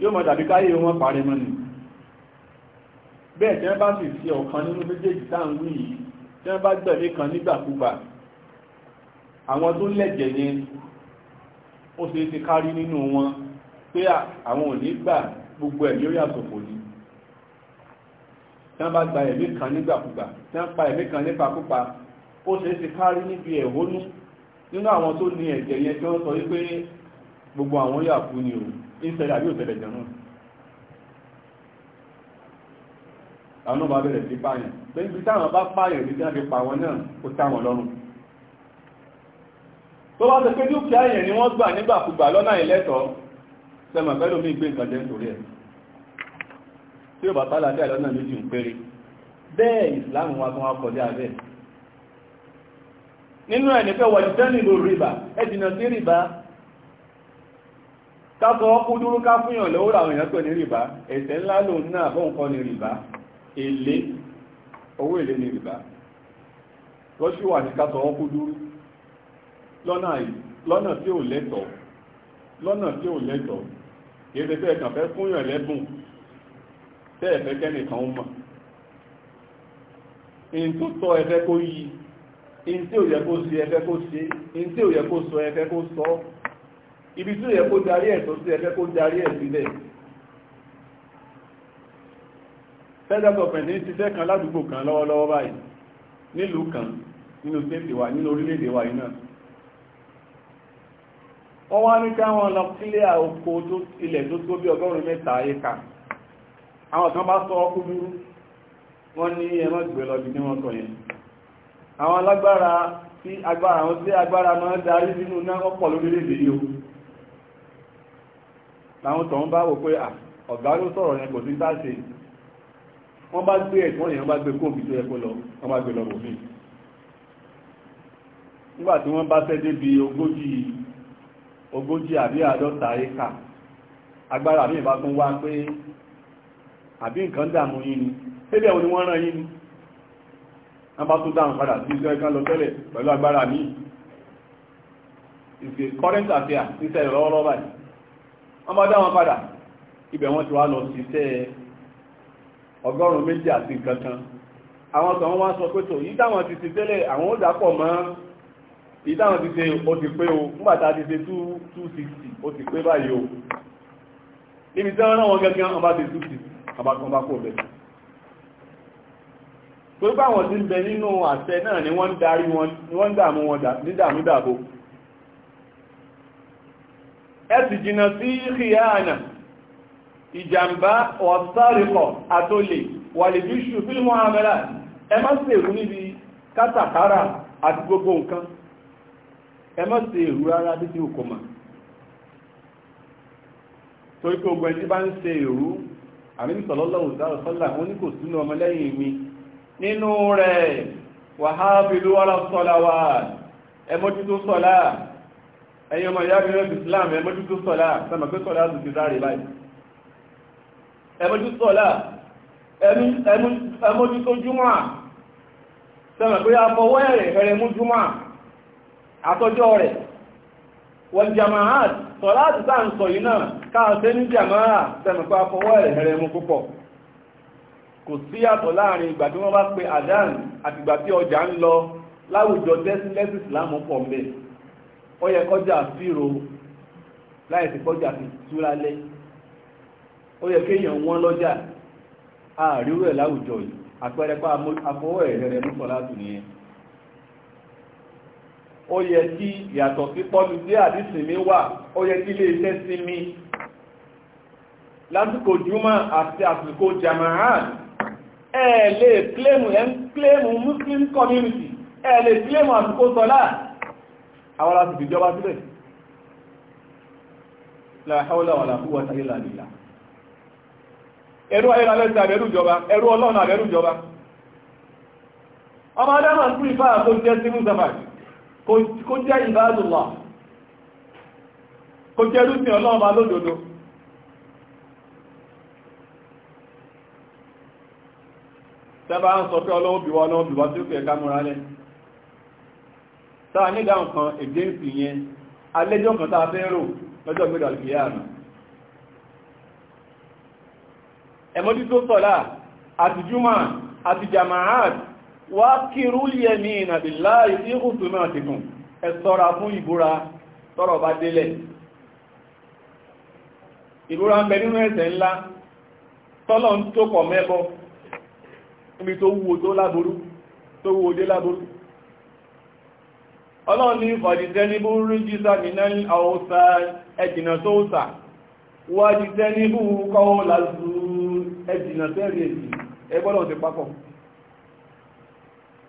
yóò mọ̀ tàbí káyé wọn parí mọ́ ni bẹ́ẹ̀ tí wọ́n bá sì fi ọ̀kan nínú méjèèjì tá à ń wí yìí tí wọ́n bá gbẹ̀mí kan nígbàkúgbà àwọn tó lẹ̀jẹ̀ yẹn ó ṣeé ṣe kárí nínú wọn àwọn ò ní gbà gbogbo ẹ̀mí ó yàtọ̀ kò ní tí wọ́n bá gba ẹ̀mí kan nígbàkúgbà tí wọ́n pa ẹ̀mí kan nípakúpa ó ṣeé ṣe kárí níbi ẹ̀hónú nínú àwọn tó ní ẹ̀jẹ̀ yẹn tí wọ́n sọ wípé gbogbo àwọn yà kú ni o ìṣẹ̀lẹ̀ àbí òṣẹ̀lẹ̀ jẹ̀ náà àwọn náà bá bẹ̀rẹ̀ sí pààyàn pé ibi táwọn bá pààyàn ní tí wọ́n fi pa wọn náà ó táwọn lọ́rùn tó bá ṣe pé dúkìá yẹn ni wọ́n gbà nígbàkúgbà lọ́nà ìlẹ́tọ̀ọ́ sẹ́mọ̀ pẹ́lú mi tí ó bá bá lábẹ́ àlọ́nà méjì ń péré bẹ́ẹ̀ ìsìláàmù wa tún wá kọjá bẹ́ẹ̀ nínú ẹni pé wọ̀dí tẹ́ nílò rìbá ẹ̀dìnà sí rìbá káàkọ́ ọkú dúró ká fúnyàn lọ́wọ́ àwọn èèyàn pè ní rìbá ẹ̀ṣẹ̀ ńlá lòun náà bọ́n kọ́ ní rìbá èlé owó èlé ní rìbá rọ́ṣù wà ní káàkọ́ ọkú dúró lọ́nà tí ò lẹ́tọ̀ọ́ lọ́nà tí ò lẹ́tọ̀ọ́ kìí ṣe pé ẹ̀kàn fẹ́ fúnyàn lẹ́bùn tẹ́ ẹ̀fẹ́ kẹ́nìkan ó mọ̀ in tó tọ́ ẹ̀fẹ́ kó yí in tí ò yẹ kó ṣe ẹ̀fẹ́ kó ṣe in tí ò yẹ kó sọ ẹ̀fẹ́ kó sọ ibi tí ò yẹ kó darí ẹ̀ tó sí ẹ̀fẹ́ kó darí ẹ̀ sílẹ̀ federal government ní ti fẹ́ kan ládùúgbò kan lọ́wọ́lọ́wọ́ báyìí nílùú kan nínú stéètì wa nínú orílẹ̀-èdè wa yìí náà wọ́n wá ní káwọn lọ sílé àkókò ilẹ̀ tó tó bí ọgọ́rùn-ún mẹ́ta ẹ̀ka àwọn kan bá sọ ọkú burú wọ́n ní ẹmọ́ ìgbẹ̀lọ́bì ní wọ́n sọ yẹn àwọn alágbára tí agbára wọn tí agbára máa ń darí sínú náà ọ̀pọ̀ lórílẹ̀-èdè yìí o láwọn tọ̀hún bá wò pé ọ̀gá ló sọ̀rọ̀ yẹn kò sí táṣe wọ́n bá gbé ẹ̀kọ́ yẹn bá gbé kóòbí tó yẹ lọ wọ́n bá gbé lọ bò nígbà tí wọ́n bá fẹ́ débi ogójì ogójì àbí àádọ́ta éka agbára mi bá tún wá pé àbí nǹkan dààmú yín ni tẹ́lẹ̀ òní wọ́n rán yín ni wọ́n bá tún dáhùn padà sí ìṣẹ́ kan lọ tẹ́lẹ̀ pẹ̀lú agbára míì ìṣe current affair ṣiṣẹ́ lọ́wọ́lọ́wọ́ báyìí wọ́n bá dáhùn padà ibẹ̀ wọ́n ti wá lọ ṣiṣẹ́ ọgọ́rùn-ún méjì àti nǹkan kan àwọn tọ̀wọ́n wá sọ pé tò yí táwọn ti ṣe tẹ́lẹ̀ àwọn ó dàpọ̀ mọ́ yí táwọn ti ṣe ó ti pé o nígbàtà ti ṣe 260 ó ti pé báyìí o níbi tí wọ́n rán wọn gẹ́gẹ́ wọn bá ti 260 abátúnbá kò bẹ̀ tó bá wọn ti ń bẹ nínú àṣẹ náà ni wọ́n ń darí wọn ni wọ́n ń dààmú wọn nídàmúdàbò ẹ sì jìnnà sí ìhìyàánà ìjàmbá ọ̀sárìkọ̀ àtòlè wàlèdíṣù fílmù àmẹ́lá ẹ má ṣe èrú níbi kátàkárà àti gbogbo nǹkan ẹ má ṣe èrú rárá títí òkòmà torí pé ogun ẹni bá ń ṣe èrú àmì sallallahu alaihi wasallam ó ní kò sínú ọmọlẹ́yìn mi nínú rẹ̀ wàhábìlú ala salawat ẹmọ́jútó sọ́lá ẹ̀yìn ọmọ ìyá mìíràn islam ẹmọ́jútó sọ́lá sọmọ̀gbé sọ́lá ti sáré báyìí ẹmọ́jútó sọ́lá ẹmọ́jútó júmọ́ sọmọ̀gbé afọwọ́ ẹ̀rẹ̀ ẹ̀rẹ̀ mú júmọ́ àtọ́jọ́ rẹ̀ wọ́n jamaat sọ̀rọ̀ àti sáà ń sọ yìí náà káàṣẹ́ ní jamaat tẹ́mẹ̀kọ́ afọwọ́ ẹ̀rẹ̀ mú púpọ̀ kò sí àtọ̀ láàrin ìgbà bá pe adan àti ìgbà tí ọjà ń lọ láwùjọ tẹ́sílẹ́sì ìsìláàmù pọ̀ ó yẹ kí ìyàtọ̀ sí pọ́lù dé àdísìnmí wà ó yẹ kí ilé iṣẹ́ sinmi lásìkò júmọ́ àti àsìkò jamahan ẹ lè kílèmù ẹ ń kílèmù muslim community ẹ lè kílèmù àsìkò sọlá àwọn láti fìjọba sílẹ̀ la hawla wala quwwata illa billah ẹ̀rú ayélujára àbẹ̀rú ìjọba ẹ̀rú ọlọ́run àbẹ̀rú ìjọba ọmọ adámà ń pè fáà tó jẹ́ sí mùsàfàì kó jẹ́ ìbádùnlá kó jẹ́ rúfin ọlọ́ọ̀bá lódòdó tẹ́bà ń sọ pé ọlọ́wọ́ bíwá ọlọ́wọ́ bíwá tí ó fẹ́ ká múra lẹ́ sáà nígbà nǹkan èdèǹsì yẹn alẹ́jọ́ kan tàà fẹ́ rò lọ́jọ́ gbẹ́dọ̀ alìkìyà àmì ẹ̀mọ́dí tó sọ̀lá àti júmà àti jamaat wá kírú yẹmí ìnàbìlá ìdíkùtù náà ti gùn ẹ ṣọ́ra fún ìbúra tọ́rọ̀ bá délẹ̀ ìbúra ń bẹ nínú ẹ̀ṣẹ̀ ńlá tọ́lọ̀ ń tó kọ̀ mẹ́bọ níbi tó wúwo tó láború tó wúwo dé láború ọlọ́run ní fọ̀dìtẹ́ níbú rí jísà nínú àwọsà ẹ̀jìnà tó sà wọ́n dìtẹ́ níbú kọ́wọ́ lásù ẹ̀jìnà tẹ́rì ẹ̀jì ti papọ̀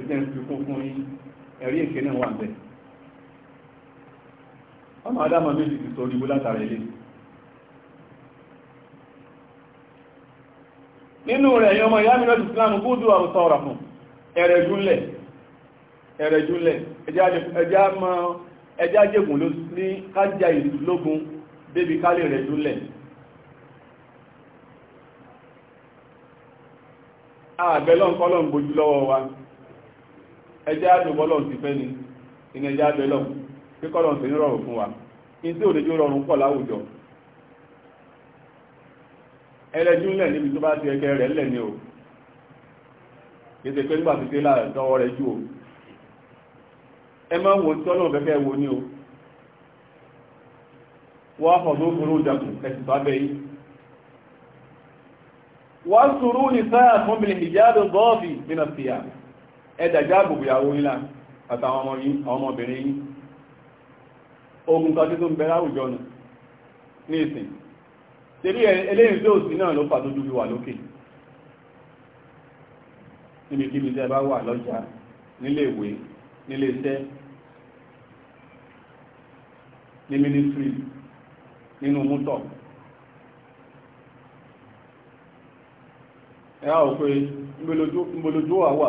ẹjẹ́ ń fi kún fún yín ẹ̀rí èké náà wà ń bẹ̀. ọmọ adáma méjì ti sọ orígbó látara ilé nínú rẹ̀ yọmọ ìyá mi lọ́dún Islam gúdù àwọn sọ̀rọ̀ fún ẹ̀rẹ̀ júlẹ̀ ẹ̀rẹ̀ júlẹ̀ ẹjá jẹ́gùn ló ní kájá ìlú lógún débi kálẹ̀ rẹ̀ júlẹ̀ àbẹ̀lọ́nkọ́lọ́ ń gbojú lọ́wọ́ wa ẹjẹ́ àdùbọ́ lọ́run ti fẹ́ ni ìní ẹjẹ́ abẹ lọ́run kíkọ́ lọ́run ti ní rọrùn fún wa kí n tí ò lè jó rọrùn pọ̀ láwùjọ ẹlẹ́jú ńlẹ̀ níbi tó bá ti ẹkẹ rẹ̀ ńlẹ̀ ni o kìtẹ̀ pé nígbà títí láàtọwọ́ rẹ̀ jù o ẹ máa wo tí ọlọ́run fẹ́fẹ́ wo ni o wọ́n fọ̀ tó fúrú ìjàkùn ẹ̀sìn tó abẹ́ yìí wọ́n sùúrù ní sáà fún mi ìjáde bọ́ọ̀fì nínú síyà ẹ̀dàjá àbùbù ìyàwó nílá àtàwọn ọmọ yìí ọmọbìnrin yìí ogun kan tí tó ń bẹ láwùjọ nù ní ìsìn tẹ́lẹ̀ eléyìn tó sí náà ló fà tó dúdú wà lókè níbi kíbi tẹ́ bá wà lọ́jà nílé ìwé ní mínísírì nínú mútọ̀ ẹ̀há òpé ń bolojú wà wà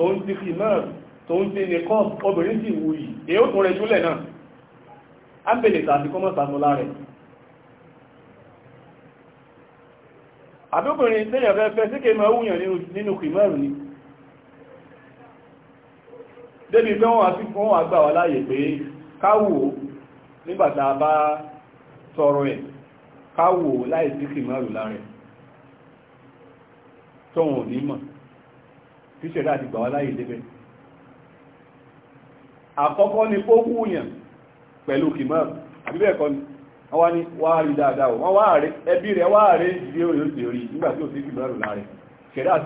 tó ń ti fi náà tó ń ti nìkan obìnrin sì wù yìí èyí ó tún rẹ júlẹ̀ náà á ń bèèrè tàbí kọ́mọ̀ sàtọ́lá rẹ̀ àbíkùnrin tẹ́yàn fẹ́ fẹ́ síkè máa wúyàn nínú kìmọ̀rù ni débi pé wọ́n àti fún àgbà wà láàyè pé káwò nígbàtà bá sọ̀rọ̀ ẹ̀ káwò láì sí kìmọ̀rù láàrẹ̀ tóhun ò ní mọ̀ tí ṣẹ̀dá ti gbà wá láyé débẹ̀ àkọ́kọ́ ni kó wúyàn pẹ̀lú kìmọ́ àbíbẹ̀ẹ̀kọ́ ni wọ́n wá ní wá rí dáadáa wọ́n wá rí ẹbí rẹ̀ wá rí ìdílé orí oṣù orí nígbà tí ó sì kìmọ́ rù láàrẹ̀ ṣẹ̀dá ó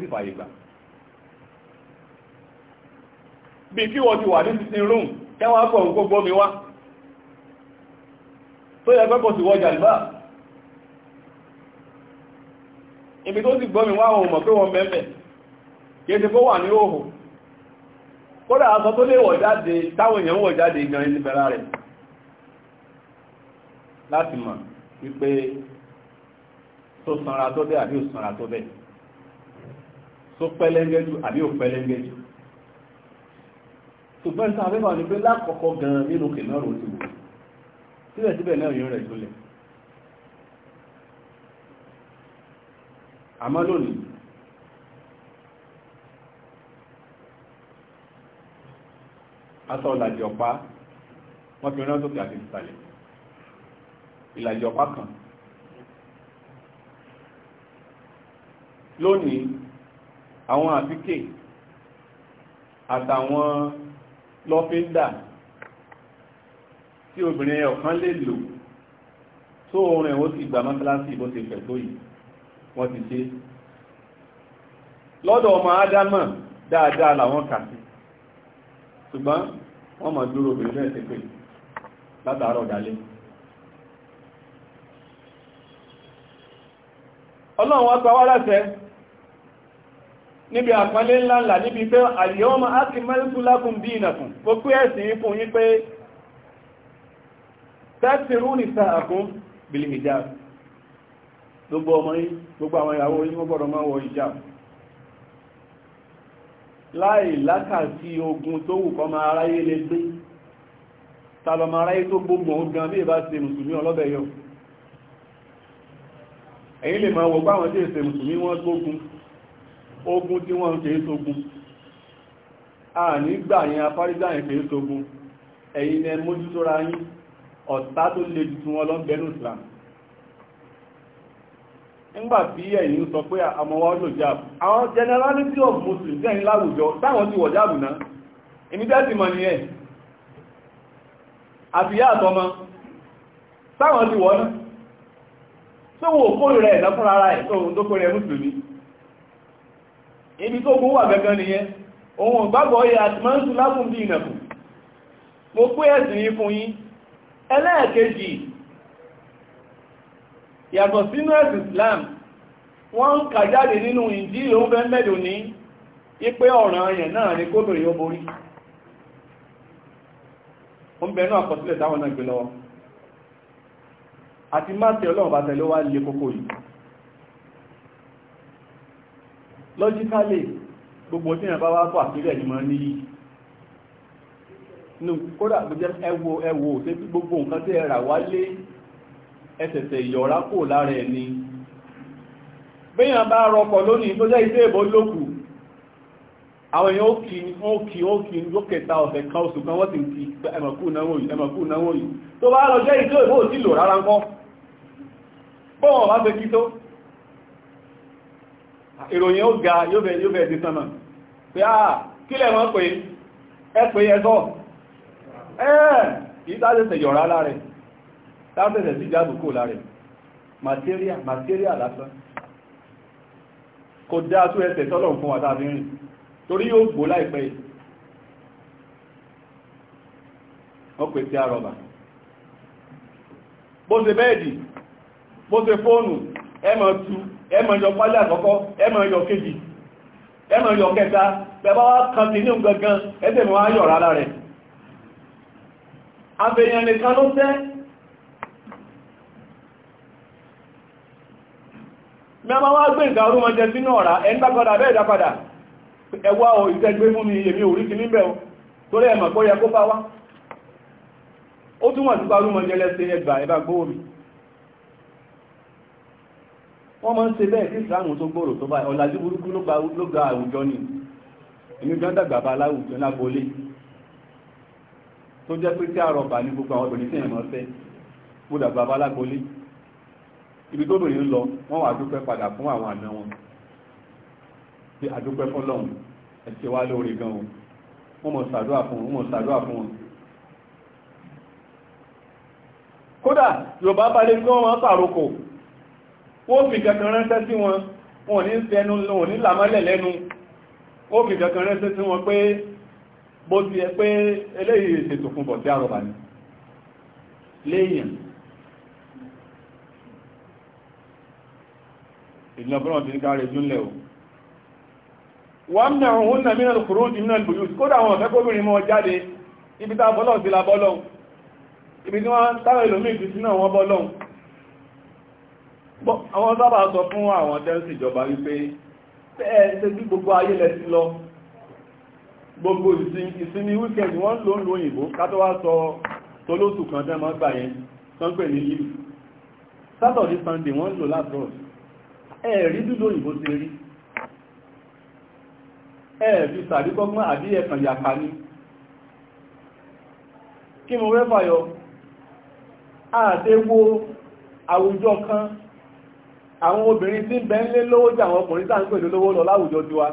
sì fàyè gbà bí kí wọ́n ti wà ní sísin rúm kẹwàá pọ̀ gbogbo mi wá tó yẹ pẹ́pọ̀ sí wọ́n jàlbá ibi tó sì gbọ́ mi wá wọn mọ̀ pé wọ́n mẹ́mẹ́ kéèsì fó wà ní òhùn kódà aṣọ tó lè wọ̀ jáde táwọn èèyàn wọ̀ jáde gan ní bẹ̀rẹ̀ rẹ̀ láti mọ̀ wípé tó sanra tó bẹ́ àbí ò sanra tó bẹ́ tó pẹ́lẹ́ngẹ́ jù àbí ò pẹ́lẹ́ngẹ́ jù ṣùgbọ́n tí a fẹ́ máa ní pé lákọ̀ọ́kọ́ gan nínú kìnnàrò ti wò síbẹ̀síbẹ̀ náà yóò rẹ̀ jólẹ̀ àmọ́ lónìí aṣọ ìlàjì ọ̀pá wọ́n fi rán sókè àti ìsàlẹ̀ ìlàjì ọ̀pá kan lónìí àwọn àtíkè àtàwọn lọ́fíńdà tí obìnrin ọ̀kan lè lò tó orin ó sì gbà mọ́sálásí bó ti fẹ̀ tó yìí wọ́n ti ṣe lọ́dọ̀ ọmọ ádámọ̀ dáadáa làwọn kà sí ṣùgbọ́n wọ́n mọ̀ dúró obìnrin náà ti pè látàárọ̀ dalẹ́ ọlọ́run wá pa wá láṣẹ níbi àpọ́nlé ńláńlá níbi pé àyọ́mọ́ áti mẹ́lùkú lákùn bí ìnàkùn ó pé ẹ̀sìn fún yín pé tẹ́tìrú ní sàákún bìlì hijab gbogbo ọmọ yín gbogbo láì lákàtí ogun tó wù kọ́ máa aráyé lè gbé tàbà máa aráyé tó gbogbo ohun gan bí ìbá ṣe mùsùlùmí ọlọ́bẹ̀ yọ èyí lè máa wọ̀gbá àwọn tí èsè mùsùlùmí wọ́n gbógun ogun tí wọ́n kèé sógun a nígbà yẹn afárígbà yẹn é sógun ẹ̀yin ẹ mójútóra yín ọ̀tá tó le jù tí wọ́n lọ bẹ̀rù Islam ńgbà bí ẹ̀yin sọ pé àmọ́wá lò jáàbù àwọn generality of muslims ẹ̀yin láwùjọ táwọn ti wọ̀ jáàbù náà immediate money ẹ̀ àfíyà àtọmọ táwọn ti wọ̀ náà tó wò kórì rẹ̀ lọ́kùnrin ara ẹ̀ tó tó kórì ẹ̀ mùsùlùmí ibi tó gún wà gẹ́gẹ́ nìyẹn ohun ìgbàgbọ́ yẹ àtìmọ́sùn lákùn bí ìnàkù mo pé ẹ̀sìn yìí fún yín ẹlẹ́ẹ̀kejì yàtọ̀ sínú ẹ̀sìn Islam wọ́n ń kà jáde nínú ìdí ìlòun fẹ́ mẹ́lò ní ipé ọ̀ràn ayẹ̀ náà ní kóbìnrin ó borí ó ń bẹ náà kọsílẹ̀ táwọn náà gbé lọ́wọ́ àti má tẹ ọlọ́run bá tẹ̀lé wá lè kókó yìí lọ́jíkálẹ̀ gbogbo tí ìyàn bá wá fọ́ àfílẹ̀ ni máa ní yìí nù kódà gbogbo ẹwọ ẹwọ tí gbogbo nǹkan tí ẹ rà wálé ẹsẹ̀sẹ̀ ìyọ̀rá kò lára ẹni bíyàn bá rọkọ̀ lónìí tó jẹ́ ilé ìbò lókù àwọn èèyàn ó kí ó kí ó kí ló kẹta ọ̀sẹ̀ kan oṣù kan wọ́n ti kí ẹmọ̀kú náwó yìí ẹmọ̀kú náwó yìí tó bá lọ jẹ́ ìjọ ìbò sí lò rárá ń kọ́ bọ́wọ̀n bá fẹ́ kí tó ìròyìn ó ga yóò bẹ̀ẹ́ ti sánmà pé á kílẹ̀ mọ́ pé ẹ pé ẹ̀sọ́ ẹ̀ẹ́ ìdájẹ́sẹ̀ yọ̀rá lára rẹ̀ tábẹ̀rẹ̀ sí ìjáàbù kò lárẹ̀ material material lásán kò dá tó ẹsẹ̀ tọ́lọ̀ fún wa tàbí rìn torí yóò gbó láìpẹ́ yìí wọ́n pè sí àrọ̀bà bó ṣe bẹ́ẹ̀dì bó ṣe fóònù ẹmọ̀ tu ẹmọ̀ yọ pálí àkọ́kọ́ ẹmọ̀ yọ kejì ẹmọ̀ yọ kẹta pẹ̀bá wá kan sí ní gangan ẹsẹ̀ mi wá yọ̀ rárá rẹ̀ àfẹ́yàn nìkan ló tẹ́ mẹ́mọ́ wá gbé ìgbà orú mọ́jẹ sínú ọ̀rá ẹni dápadà bẹ́ẹ̀ dápadà ẹwà ò ìtẹ́gbé fún mi èmi ò rí ti níbẹ̀ o torí ẹ̀mọ̀ pọ́ yẹ kó bá wá ó túnmọ̀ sí pa orú mọ́jẹ lẹ́sẹ̀ ẹgbà ẹbá gbówó mi wọ́n mọ́ ń ṣe bẹ́ẹ̀ sí ìsìláàmù tó gbòòrò tó bá ọ̀làjú burúkú ló gba àwùjọ ni èmi gan dàgbà bá láwùjọ lágbolé tó jẹ́ pé tí àrọ̀bà ní gbogbo àwọn obìnrin tí ẹ̀mọ́ fẹ́ mo dàgbà bá lágbolé ibi tó bìnrin lọ wọ́n wà dúpẹ́ padà fún àwọn àna wọn pé àdúpẹ́ fọ́lọ́run ẹ ṣe wá lóore gan o wọ́n mọ̀ ṣàdúrà fún wọn mọ̀ ṣàdúrà fún wọn kódà yorùbá balẹ̀ tí wọ́n máa pàrokò wọ́n fi kankan ránṣẹ́ sí wọn wọn ní fẹnu wọn ní làmọ́lẹ̀ lẹ́nu wọ́n fi kankan ránṣẹ́ sí wọn pé bó ti ẹ pé eléyìí ṣètò fún bọ̀tí àrọ̀bà ni léèyàn ìlọ́bọ̀nà ti ní ká rẹ̀ júnlẹ̀ o wọ́n mẹ́ òun náà mìíràn kúrò jù mìíràn lòyú kódà àwọn ọ̀fẹ́ kóbìnrin mọ́ jáde ibi tá bọ́lọ̀ sí la bọ́lọ̀ ibi tí wọ́n táwọn ìlòmí ìfi sínú àwọn bọ́lọ̀ àwọn sábà sọ fún àwọn tẹ́sí ìjọba wípé bẹ́ẹ̀ ṣe bí gbogbo ayé lẹ sí lọ gbogbo ìsinmi wíkẹ̀ndì wọ́n ló ń lo òyìnbó kátó wá sọ tolóṣù kan tẹ́ mọ́ gbà yẹn tán pè ní yìí sátọ̀dé sunday wọ́n lò látrọ̀sì ẹ̀rí dúdú òyìnbó ti rí ẹ̀ẹ̀fi sàríkọ́gbọ́n àbí ẹ̀kàn yàkà ní kí mo rẹ́fàyọ àtẹ́wò àwùjọ kan àwọn obìnrin tí ń bẹ ń lé lówó jẹ́ àwọn ọkùnrin tàà ń pè lówó lọ láwùjọ ju wa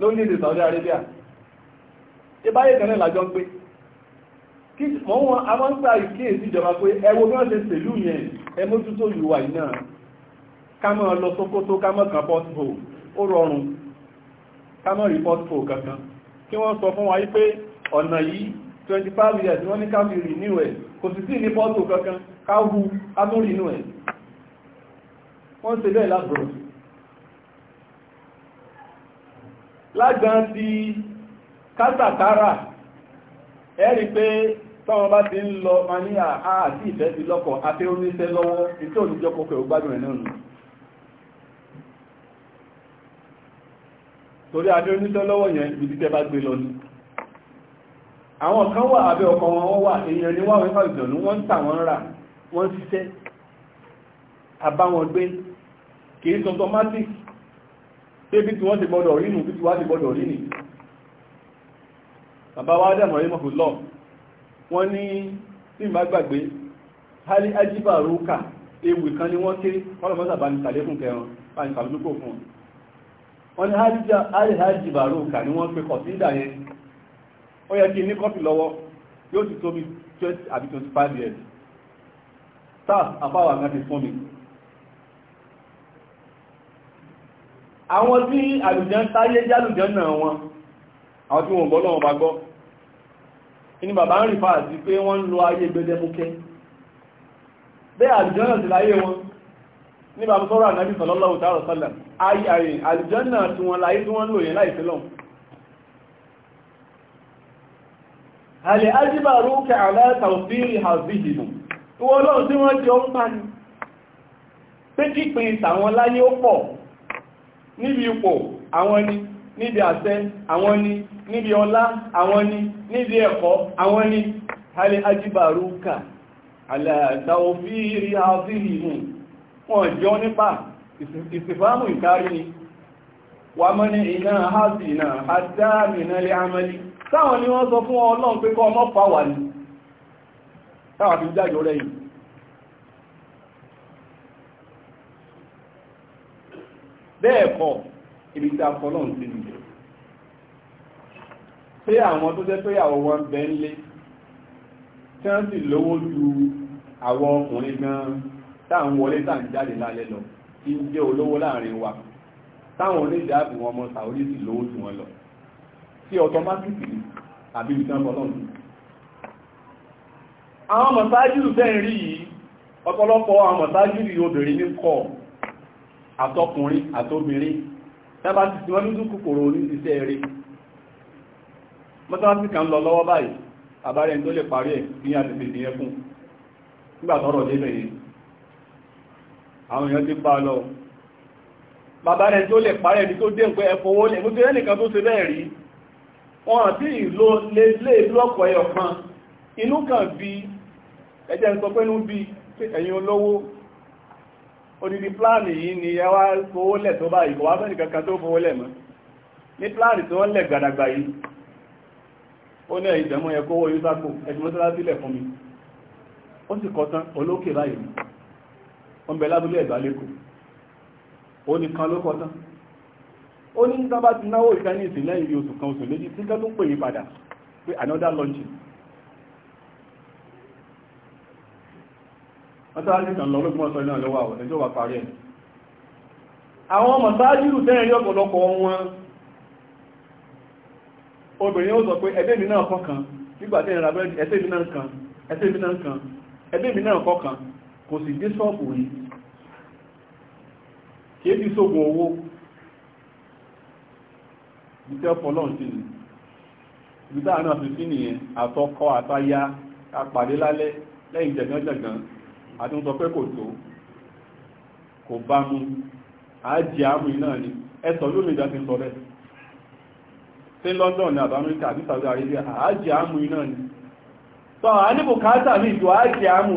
lórílẹ̀-èdè Saudi Arabia ìbáyé kan náà lájọ ń pé kí mọ́ wọn a máa ń gbà ìkíyèsí ìjọba pé ẹ wo bí wọ́n ṣe ṣèlú yẹn ẹ ìwà yìí kámọ́ lọ sókótó kámọ́ kan pọ́tfò ó rọrùn kámọ́ rí pọ́tfò kankan kí wọ́n sọ fún wa wípé ọ̀nà yìí 25 years wọ́n ní káfí rí níwẹ̀ kò sì sí ní pọ́tfò kankan káwú átúrí níwẹ̀ wọ́n ṣe bẹ́ẹ̀ lágbọ̀rọ̀ lágbọ́n ti kátàkárà ẹ̀rí pé tọ́wọ́n bá ti ń lọ ma ní àà àti ìfẹ́ ti lọ́kọ̀ àti oníṣẹ́ lọ́wọ́ ìtò òníjọ́kọ̀ọ́kọ̀ ìgbádùn ẹ̀ náà nù torí adé oníṣẹ́ lọ́wọ́ yẹn ibi tẹ́ bá gbé lọ ní àwọn kan wà abẹ́ ọkọ̀ wọn wà èèyàn ni wọ́n wípà ìjọ̀nú wọ́n ń tà wọ́n rà wọ́n ṣiṣẹ́ àbáwọn gbé kìí sọ automatic pé bí tí wọ́n ti gbọ́dọ̀ rí nù bí tí wá ti gbọ́dọ̀ rí nì bàbá wa dẹ̀mọ̀ rí mọ̀kù lọ wọ́n ní tí ìmá gbàgbé hali ajiba ruka ewì kan ni wọ́n ké ọlọ́mọ́sà bá ní sàlékùn kẹrin bá ní sàlékùn fún wọn wọ́n ní alhaji baruka ni wọ́n pe kọ̀sídà yẹn ó yẹ kí ní kọ́pì lọ́wọ́ yóò ti tó mi 20 àbí 25 years sars àbáwà kan ti fún mi àwọn tí àlùjẹ́ táyé jálùjẹ́ náà wọn àwọn tí wọ́n gbọ́ lọ́wọ́ bá gbọ́ ní bàbá ń rí fáà sí pé wọ́n ń lo ayé gbẹdẹmúkẹ́ bẹ́ẹ̀ àlùjẹ́ náà ti láyé wọn nígbà tó sọ́rọ̀ ànábì sallallahu ta'ala sallam ayàrí àlùjànnà tí wọ́n láyé tí wọ́n lò yẹn láì sílọ̀ alẹ́ ajíbà rúkẹ aláta òfíìrì àzíhìmù ìwọ́n lọ́n tí wọ́n jẹ́ ń pani pé kípin tàwọn láyé ó pọ̀ níbi ipò àwọn ni níbi wọn jọ nípa ìsìfàmù ìkárí ni wà mọ́ ní iná hàbì iná àdáàmìnà lè amẹ́lì táwọn ni wọ́n sọ fún ọlọ́run pé kọ́ ọmọ pàwà ní táwọn fi jájọ rẹ̀ yìí bẹ́ẹ̀kọ́ ibi tí a fọ́lọ́run sí ni pé àwọn tó jẹ́ pé àwọn wọn bẹ́ńlé tí wọ́n sì lówó ju àwọn ọkùnrin gan-an táà ń wọlé táà ń jáde lálẹ́ lọ tí ń jẹ́ olówó láàrin wa táwọn onídàábò wọn ọmọ sàwọ́dí sì lówó tí wọ́n lọ sí ọtọmátìkì àbí ìtàn fọlọ́ọ̀nù àwọn mọ̀sájúrù tẹ́ ń rí yìí ọ̀pọ̀lọpọ̀ àwọn mọ̀sájúrù obìnrin ní kọ̀ àtọkùnrin àtobìnrin tẹ́bá ti tí wọ́n ní kòkòrò ní iṣẹ́ rí mọ́sánásíkà ń lọ lọ́wọ́ báyìí àbárẹ̀ tó lè parí ẹ̀ ní àtẹ̀fẹ̀ ìdíyẹ́kùn nígbàtọ́rọ̀ débẹ̀ yìí àwọn èèyàn ti bá lọ bàbá rẹ̀ tó lè parẹ́ ní tó dé ń pẹ́ ẹfọwọ́ lẹ̀ mú tó yẹ́ nìkan tó ṣe bẹ́ẹ̀ rí wọn àti ìlò lè lọ́pọ̀ ẹyọ kan inú kan bí ẹjẹ́ ń sọ pé inú bí ẹ̀yin olówó odidi pláàni yìí ni ẹ wá fowó lẹ̀ tó bá ìkọ̀wá fẹ́ nìkan kan tó fowó lẹ̀ mọ́ ní pláàni tó wọ́n lẹ̀ gbàdàgbà yìí ó ní ìdẹ̀mú ẹ̀kọ́wọ́ yóò sápò ẹ̀dùnmọ́sálásílẹ̀ fún mi ó sì kọ́ tán olókè báyìí wọ́n bẹ lábúlé ẹ̀gbá lẹ́kọ̀ọ́ ó ní kan ló kọtán ó ní sábà ti náwó ìtẹ́nìsì lẹ́yìn kan oṣù méjì tí ka pè yí padà pé another launching wọ́n sára ní ìtàn lọ́gbọ́n náà lọ́wọ́ àwọn ẹjọ́ wà parí ẹ̀ àwọn ọmọ sáájúrù tẹ́rẹ̀ yọ ọ̀pọ̀lọpọ̀ wọn obìnrin ó sọ pé ẹgbẹ́ mi náà kọ́ kan nígbàtẹ́ ìrìnàbẹ́ ẹsẹ́ ẹsẹ́ mi náà kan kan kò sì dé ṣọ́ọ̀bù rí kéèdì sógun owó ìtẹ́ fọlọ́n sí ni ibi táà náà fi sí nìyẹn àtọkọ àtayá apàdé lálẹ́ lẹ́yìn jẹ̀gánjẹ̀gán àti ń sọ pé kò tó kò bá mú àájì àmì náà ni ẹ̀sọ̀ lómi ìdá ti ń sọ rẹ̀ sí London ní àbámẹ́ríkà àti Saudi Arabia àájì àmì náà ni sọ àánìbò káátà ní ìjọ àájì àmì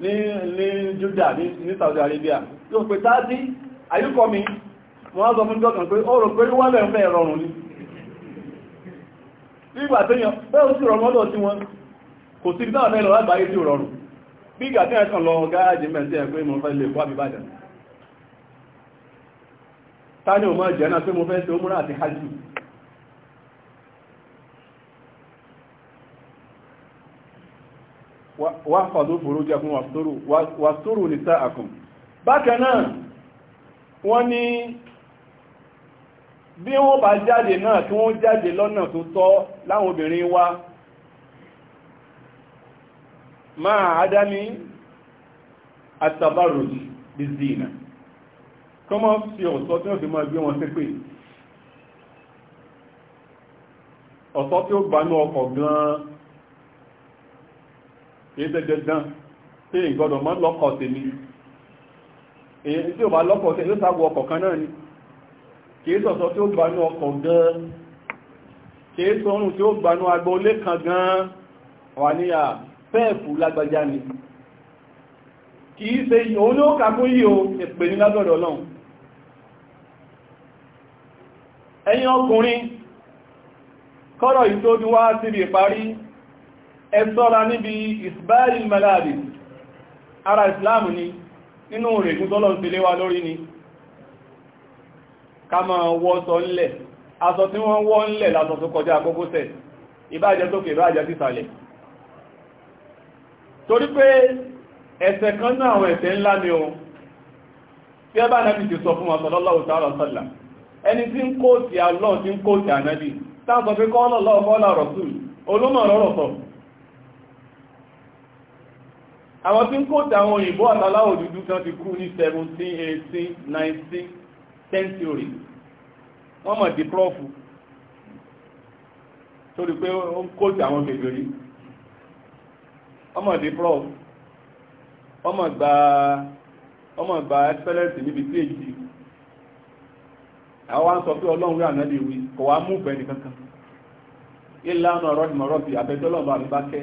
ní Juda ní Saudi Arabia yóò pé tàbí àyíkọ́ mi wọ́n sọ fún jọ́kàn pé ó rò pé wọ́n lẹ́ fẹ́ rọrùn ní nígbà tó yàn pé ó sì rọrùn lọ́dọ̀ sí wọn kò sí náà fẹ́ lágbàáyé tí rọrùn bí ìgbà tí ẹ̀kan lọ gáàjì mẹ́sí mo wá fàdó fòró jẹ́ fún wàstúrù nìta àkùn bákan náà wọ́n ní bí wọ́n bá jáde náà tí wọ́n jáde lọ́nà tó tọ́ láwọn obìnrin wa máa adámi àtàbáròjì bí zina kọmọ́ fi ọ̀sọ́ tí wọ́n fi máa gbé wọn ṣépè ọ̀sọ́ tí ó gbanú ọkọ̀ gan-an kìí ṣe dandan tí ìgbọ́dọ̀ mọ́ lọ́kọ̀ tèmi èyí tí ò bá lọ́kọ̀ tèmi yóò sáwọ ọkọ̀ kan náà ni kìí sọ̀sọ̀ tí ó gbanú ọkọ̀ gan kìí sọ̀rùn tí ó gbanú agboolé kan gan wà ní à pẹ́ẹ̀fù lágbàjá ni kìí ṣe òun ló kàkún yìí o ìpè ní lágbọ̀dọ̀ ọlọ́run ẹ ṣọ́ra níbi ìsbáàlì malari ara ìsìláàmù ni nínú rẹ̀gún tọ́lọ̀ ìpele wa lórí ni ká máa wọ́ sọ ńlẹ̀ aṣọ tí wọ́n wọ́ ńlẹ̀ lásọ tó kọjá kókósẹ̀ ìbájẹ́ tókè ìbájẹ́ sísàlẹ̀ torí pé ẹ̀ṣẹ̀ kan náà àwọn ẹ̀ṣẹ̀ ńlá ni ohun tí ẹ bá náà ti sọ fún ọ̀sọ̀lọ́lọ́wọ́ tààrà sọ́là ẹni tí ń kóòtì àlọ́ tí ń kóòtì sọ̀rọ̀ àwọn tí ń kó tàwọn òyìnbó àtàláwò dúdú kan ti kú ní 17 18 19 century wọ́n mọ̀ di prọ́fù torí pé ó ń kó tàwọn kèjòrí ọmọ di prọ́fù ọmọ gba ọmọ gba excellence níbi phd àwọn ń sọ pé ọlọ́run rí ànádì wí kò wá mú bẹ́ẹ̀ nìkankan ìlànà ọ̀rọ̀ ìmọ̀rọ̀ bí àbẹ́tọ́lọ́mọ àbíbákẹ́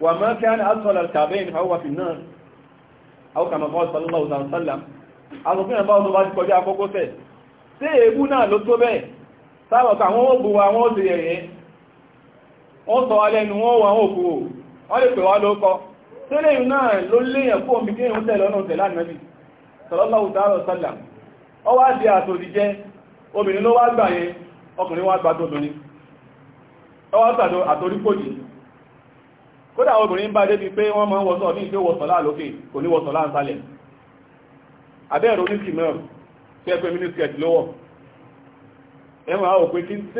وما كان أسفل الكعبين فهو في أو كما قال صلى الله عليه وسلم àrùfin ẹ̀bá ọdún bá ti kọjá àkókò tẹ̀ tí èébú náà ló tó bẹ́ẹ̀ sáwọ̀ká wọ́n ó bùwà wọ́n ó sì ẹ̀yẹ́ wọ́n sọ alẹ́ ẹnu wọ́n wà wọ́n òkúrò wọ́n lè pè wá ló kọ tí lẹ́yìn náà ló léyàn ọwọ́ sàdó kódà obìnrin bá débi pé wọ́n mọ́ wọ́sọ̀ ní ìgbé wọ́sọ̀ láàlókè kò ní wọ́sọ̀ láàsálẹ̀ abẹ́ẹ̀rọ oníṣì mẹ́rù tí ẹ pé mínísítẹ̀t lówọ̀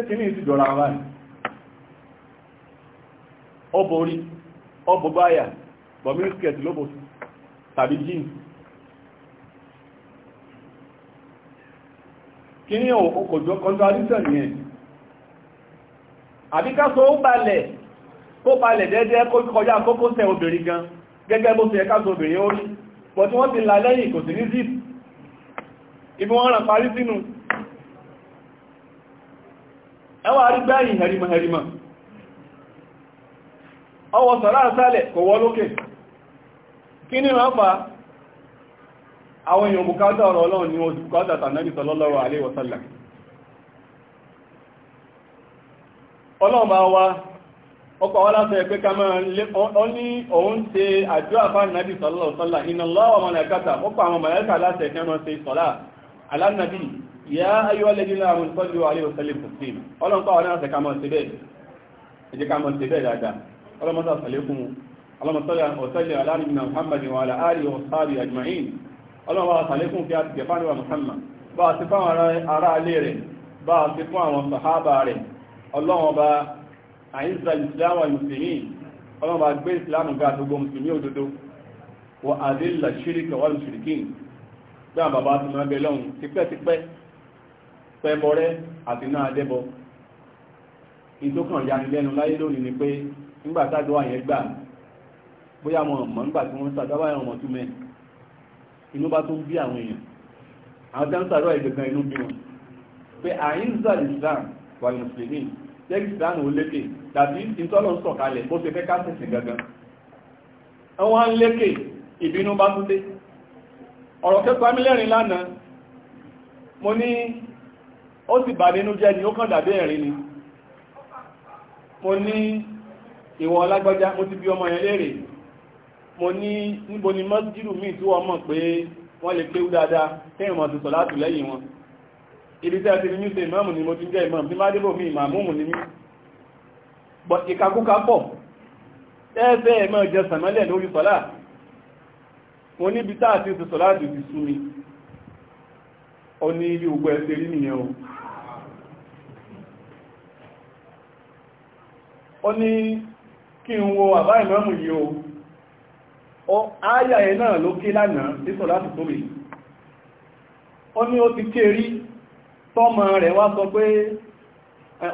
kí ní ìsìdọ̀ra àbí ká so ó balẹ̀ kó balẹ̀ dẹ́dẹ́ kó kọjá kókó tẹ obìnrin gan gẹ́gẹ́ bó ṣe ẹ̀ká so obìnrin ó rí pọ̀ tí wọ́n ti là lẹ́yìn kò sí ní zip ibi wọ́n ràn parí sínú ẹwà rí gbẹ́yìn hẹ̀rìmọ̀ hẹ̀rìmọ̀ ọwọ́ sọ̀rọ̀ àṣálẹ̀ kò wọ́ lókè kí ní wọ́n fa àwọn èèyàn bùkátà ọ̀rọ̀ ọlọ́run ni wọ́n bùkátà tànàbì sallallahu alaihi wasallam ọlọ́run bá wá ọkọ̀ wá láti ẹgbẹ́ ká máa lé ọ ní òun ṣe àjọ àfáàní nàbì sallallahu alaihi wasallam inna Allaha wa malaikatahu ọkọ̀ àwọn mọ̀lẹ́kà láti ẹ̀kẹ́ máa ṣe sọ́lá alánàbì ya ayyuhalladhina amanu sallu alaihi wa sallimu taslima ọlọ́run kọ́ wọn láti ẹ̀ká máa ṣe bẹ́ẹ̀ ẹ̀jẹ̀ ká máa ṣe ọlọ́run ọba àìsà ìsìláwà ìmùsùlùmí ọlọ́run ọba gbé ìsìlámù ga gbogbo mùsùlùmí òdodo wọ àdéhùlà ṣíríkà wà lùsùrìkì gbé àwọn bàbá tó máa bẹ lọ́hùn tipẹ́tipẹ́ pẹ́bọrẹ́ àti náà dẹ́bọ ìtókàn yanilẹ́nu láyé lónìí ni pé nígbà sádọ́ àyẹn gbà bóyá wọn mọ̀ nígbà tí wọ́n sàdábà ẹ̀wọ̀n mọ̀ túmẹ̀ inú bá tún àyíǹsà Islam wàlú mùsùlùmí jẹ́kì ìsìláàmù ó lékè tàbí ìtọ́lọ̀ ń sọ̀kalẹ̀ bó ṣe fẹ́ ká ṣẹ̀ṣẹ̀ gangan wọ́n á ń lékè ìbínú bá tún dé ọ̀rọ̀ kẹ́kọ̀ọ́ mílẹ̀rin lánàá mo ní ó sì bà nínú jẹ́ ni ó kàn dàbí ẹ̀rin ni mo ní ìwọ̀n ọlágbájá mo ti bí ọmọ yẹn léèrè mo ní níbo ni mọ́sídìrù míì tí wọ́n mọ̀ pé wọ́n lè kéwú dáadáa kẹ́yìn mọ̀ ti sọ̀ látù lẹ́yìn wọn ibi tí a ti rí ní ṣe ìmáàmù ni mo ti jẹ́ ìmáàmù tí má mi ni mí bọ̀ pọ̀ ẹ́ẹ̀fẹ́ ẹ̀mọ́ jẹ sàmọ́lẹ̀ lórí sọ́lá wọn níbi táà ti ti sọ́lá ti sú mi ọ ní ibi ògbọ́ ẹsẹ̀ rí nìyẹn o ọ ní kí n wo àbá yìí o ááyà ẹ̀ náà ló ké lánàá sí sọ́lá ti tó mi ọ ní ó ti ké tọ́mọ rẹ̀ wá sọ pé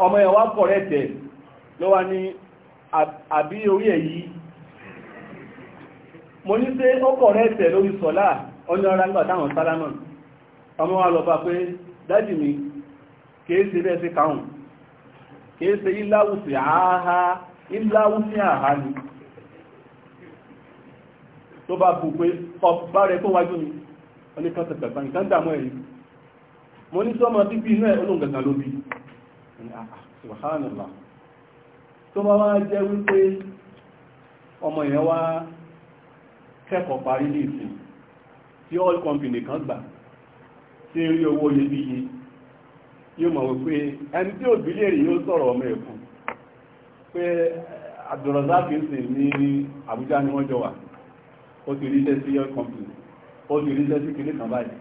ọmọ ẹ̀ wá kọ̀ rẹ̀ tẹ̀ ló wá ní àbí orí ẹ̀ mo ní pé ó kọ̀ rẹ̀ tẹ̀ lórí sọ̀lá ara ń gbà táwọn ọmọ wa lọ bá pé dájì mi kìí se bẹ́ẹ̀ sí káhùn kìí se ìláwùsì àáhá ni tó bá bù pé rẹ̀ wájú mi mo ní sọ́mọ bíbí inú ẹ̀ olóǹgàgà ló bí ṣùgbọ́nàlá ah, tó bá wá jẹ́ wípé ọmọ yẹn wá kẹ́kọ̀ọ́ parí ní ìsìn tí all company kan gbà tí rí owó iyebíye yóò mọ̀ wípé ẹni tí òbí lè rí yóò sọ̀rọ̀ ọmọ ẹ̀kùn pé eh, Abdulrazak sìn ní Àbújá ni wọ́n jọ wà ó ti ríṣẹ́ sí all company ó ti ríṣẹ́ sí kìnnìkan báyìí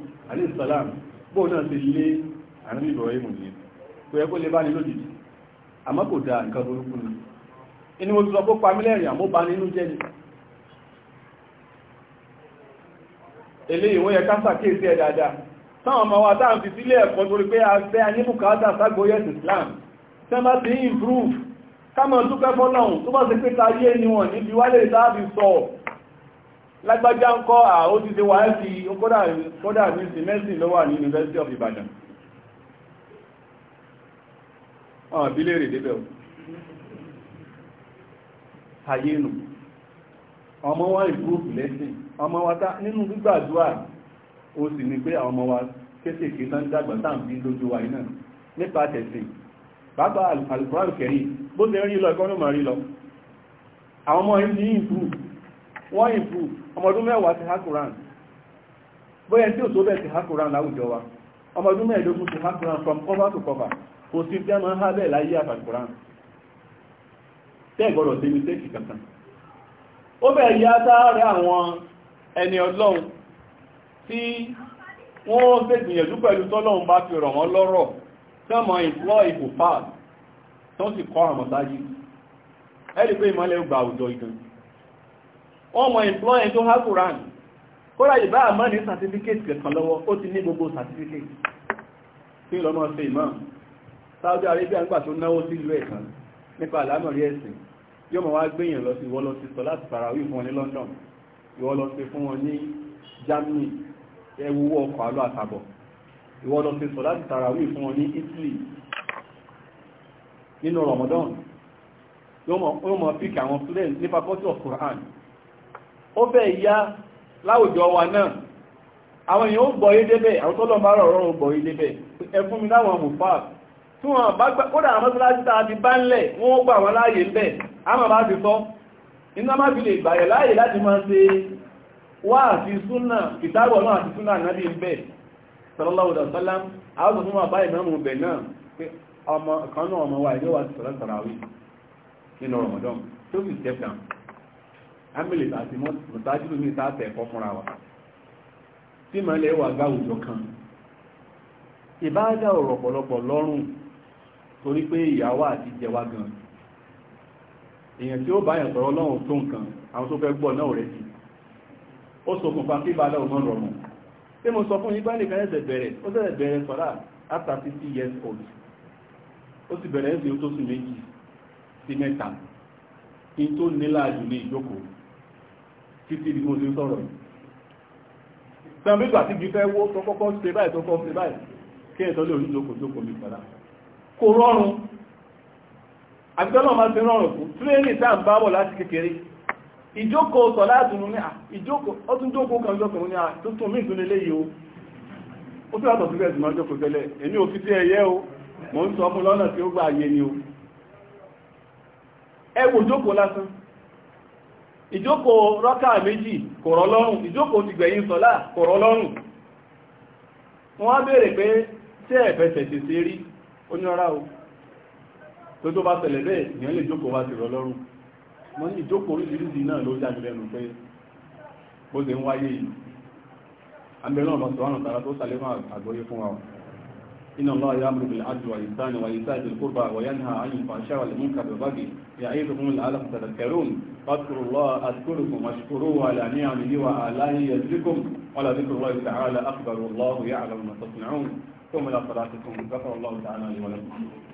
alayhi salam bóò náà ti lé àrùn Ibrahim ní kò yẹ kó lè bá ní lójijì àmọ́ kò da nǹkan burúkú ni inú mo ti pamílẹ̀rìn àmọ́ bá nínú jẹ́ ni eléyìí wọ́n yẹ ká sàkíyèsí ẹ̀ dáadáa táwọn ọmọ wa táà lágbájá ń kọ́ àwọn òṣìṣẹ́ wà ní kódà ní simẹ́sì ló wà ní University of Ibadan ọ̀n bí lè rè débẹ̀ ayé nù ọmọ wa ìgbóòfù lẹ́sìn ọmọ wa tá nínú gbígbàdúrà ó sì ní pé àwọn ọmọ wa kéékèèké tán dàgbà tán bí lójú wa iná nípa tẹ̀sìn bàbá alùpùránù kẹrin bó ti rí lọ ẹ̀kọ́ ló mọ̀ lọ àwọn ọmọ yìí ní ìfúrù wọ́n improve ọmọdún mẹ́wàá ti hakuran bóyẹ tí ndị tó bẹ́ẹ̀ ti hakuran láwùjọ wa ọmọdún mẹ́ẹ̀dógún ti hakuran from cover to cover kò sí tẹ́ máa bẹ́ẹ̀ láyé àfàkuran tẹ́ gbọ́dọ̀ sí mistake kankan ó bẹ̀ yá sáárẹ̀ àwọn ẹni ọlọ́run tí wọ́n fẹ́ gbìyànjú pẹ̀lú tọ́lọ́run bá fi rọ̀ wọ́n lọ́rọ̀ sì kọ́ ẹ̀rí pé ìmọ̀lẹ́ gbà àwùjọ wọ́n mọ̀ employer tó há Quran kóra ìbá àmọ́ ní certificate kẹ̀kan lọ́wọ́ ó ti ní gbogbo certificate tí lọ́mọ́ ṣe ìmọ̀ Saudi Arabia ń gbà tó náwó sí ìlú ẹ̀kan nípa àlámọ̀rí ẹ̀sìn yóò mọ̀ wá gbéyàn lọ sí ìwọ lọ sí sọ láti farawí fún wọn ní London ìwọ lọ sí fún wọn ní Germany ẹwúwọ́ ọkọ̀ alọ́ àtàbọ̀ ìwọ lọ sí sọ láti farawí fún wọn ní Italy nínú Ramadan yóò mọ̀ píkì àwọn students nípa bọ́tí of Quran ó fẹ́ ìyá láwùjọ wa náà àwọn èèyàn ó gbọ́ yé débẹ̀ àwọn tọ́lọ̀ bá rọ̀rọ̀ ó gbọ́ yé débẹ̀ ẹ fún mi láwọn mùfà tí wọ́n bá gbá kódà àwọn mọ́sálásí tá a ti bá ńlẹ̀ wọ́n gbà wọn láàyè ńbẹ̀ a máa bá ti sọ iná má fi lè gbàyẹ̀ láàyè láti máa ṣe wá àti súnà ìtàgbọ̀ náà àti súnà náàbí ńbẹ̀ sọlọ́lọ́wọ́dà sálám àwọn tó fún wa báyìí mọ́mù bẹ̀ náà pé ọmọ kan náà ọmọ wa ilé wa ti sọ̀rọ̀ sọ̀rọ̀ àwí nínú ọmọdọ́m tó sì step down amílè àti mọ̀tájúlù ní ìtaàtẹ̀ ẹ̀kọ́ fúnra wa tí mọ̀lẹ́ wà gbáwùjọ kan ìbáàdà ọ̀rọ̀ pọ̀lọpọ̀ lọ́rùn torí pé ìyàwó àti jẹwa gan èèyàn tí ó bá yàn sọ̀rọ̀ lọ́rùn tó nǹkan àwọn tó fẹ́ gbọ́ náà rẹ̀ sí ó ṣokùnfà kí ìbáàdà ọmọ rọrùn tí mo sọ fún igbá nìkan ẹ̀sẹ̀ bẹ̀rẹ̀ ó sẹ̀rẹ̀ bẹ̀rẹ̀ sọ̀rà after fifty years old ó sì bẹ̀rẹ̀ ẹ̀sìn tó sùn méjì sí mẹ́ta in tó nílà jù ní ìjókòó títí bí mo ṣe sọ̀rọ̀ yìí sàmì ìgbà tí gbífẹ́ wó tó kọ́kọ́ ṣe báyìí tó kọ́ ṣe báyìí kí ẹ̀tọ́ lè oníjókòó tó kọ́ mi pẹ̀lá kò rọrùn àbíkọ́lọ́ máa fi rọrùn fún tírénì tá à ń bábọ̀ láti kékeré ìjókòó sọ láti nù ní à ìjókòó ó tún jókòó kan jókòó ní à tó tún mí ìtún lélé yìí o ó tún yàtọ̀ síbẹ̀ ìtún máa jókòó tẹ́lẹ̀ èmi ò fi o mò ń sọ o ẹ wò lásán ìjókòó rọ́kà méjì kò rọ̀ lọ́rùn ìjókòó ti gbẹ̀yìn sọ́lá kò lọ́rùn wọ́n á béèrè pé tí ẹ̀fẹ́sẹ̀ ti ṣe rí onírọ́rá o tó tó bá tẹ̀lẹ̀ bẹ́ẹ̀ ìyẹn lè jókòó wá ti rọ̀ lọ́rùn wọ́n ní ìjókòó oríṣiríṣi náà ló jáde lẹ́nu pé bó wal فاذكروا الله أذكركم واشكروه على نعمه وآلائه يزدكم ولذكر الله تعالى أكبر والله يعلم ما تصنعون ثم إلى صلاتكم كفر الله تعالى لي ولكم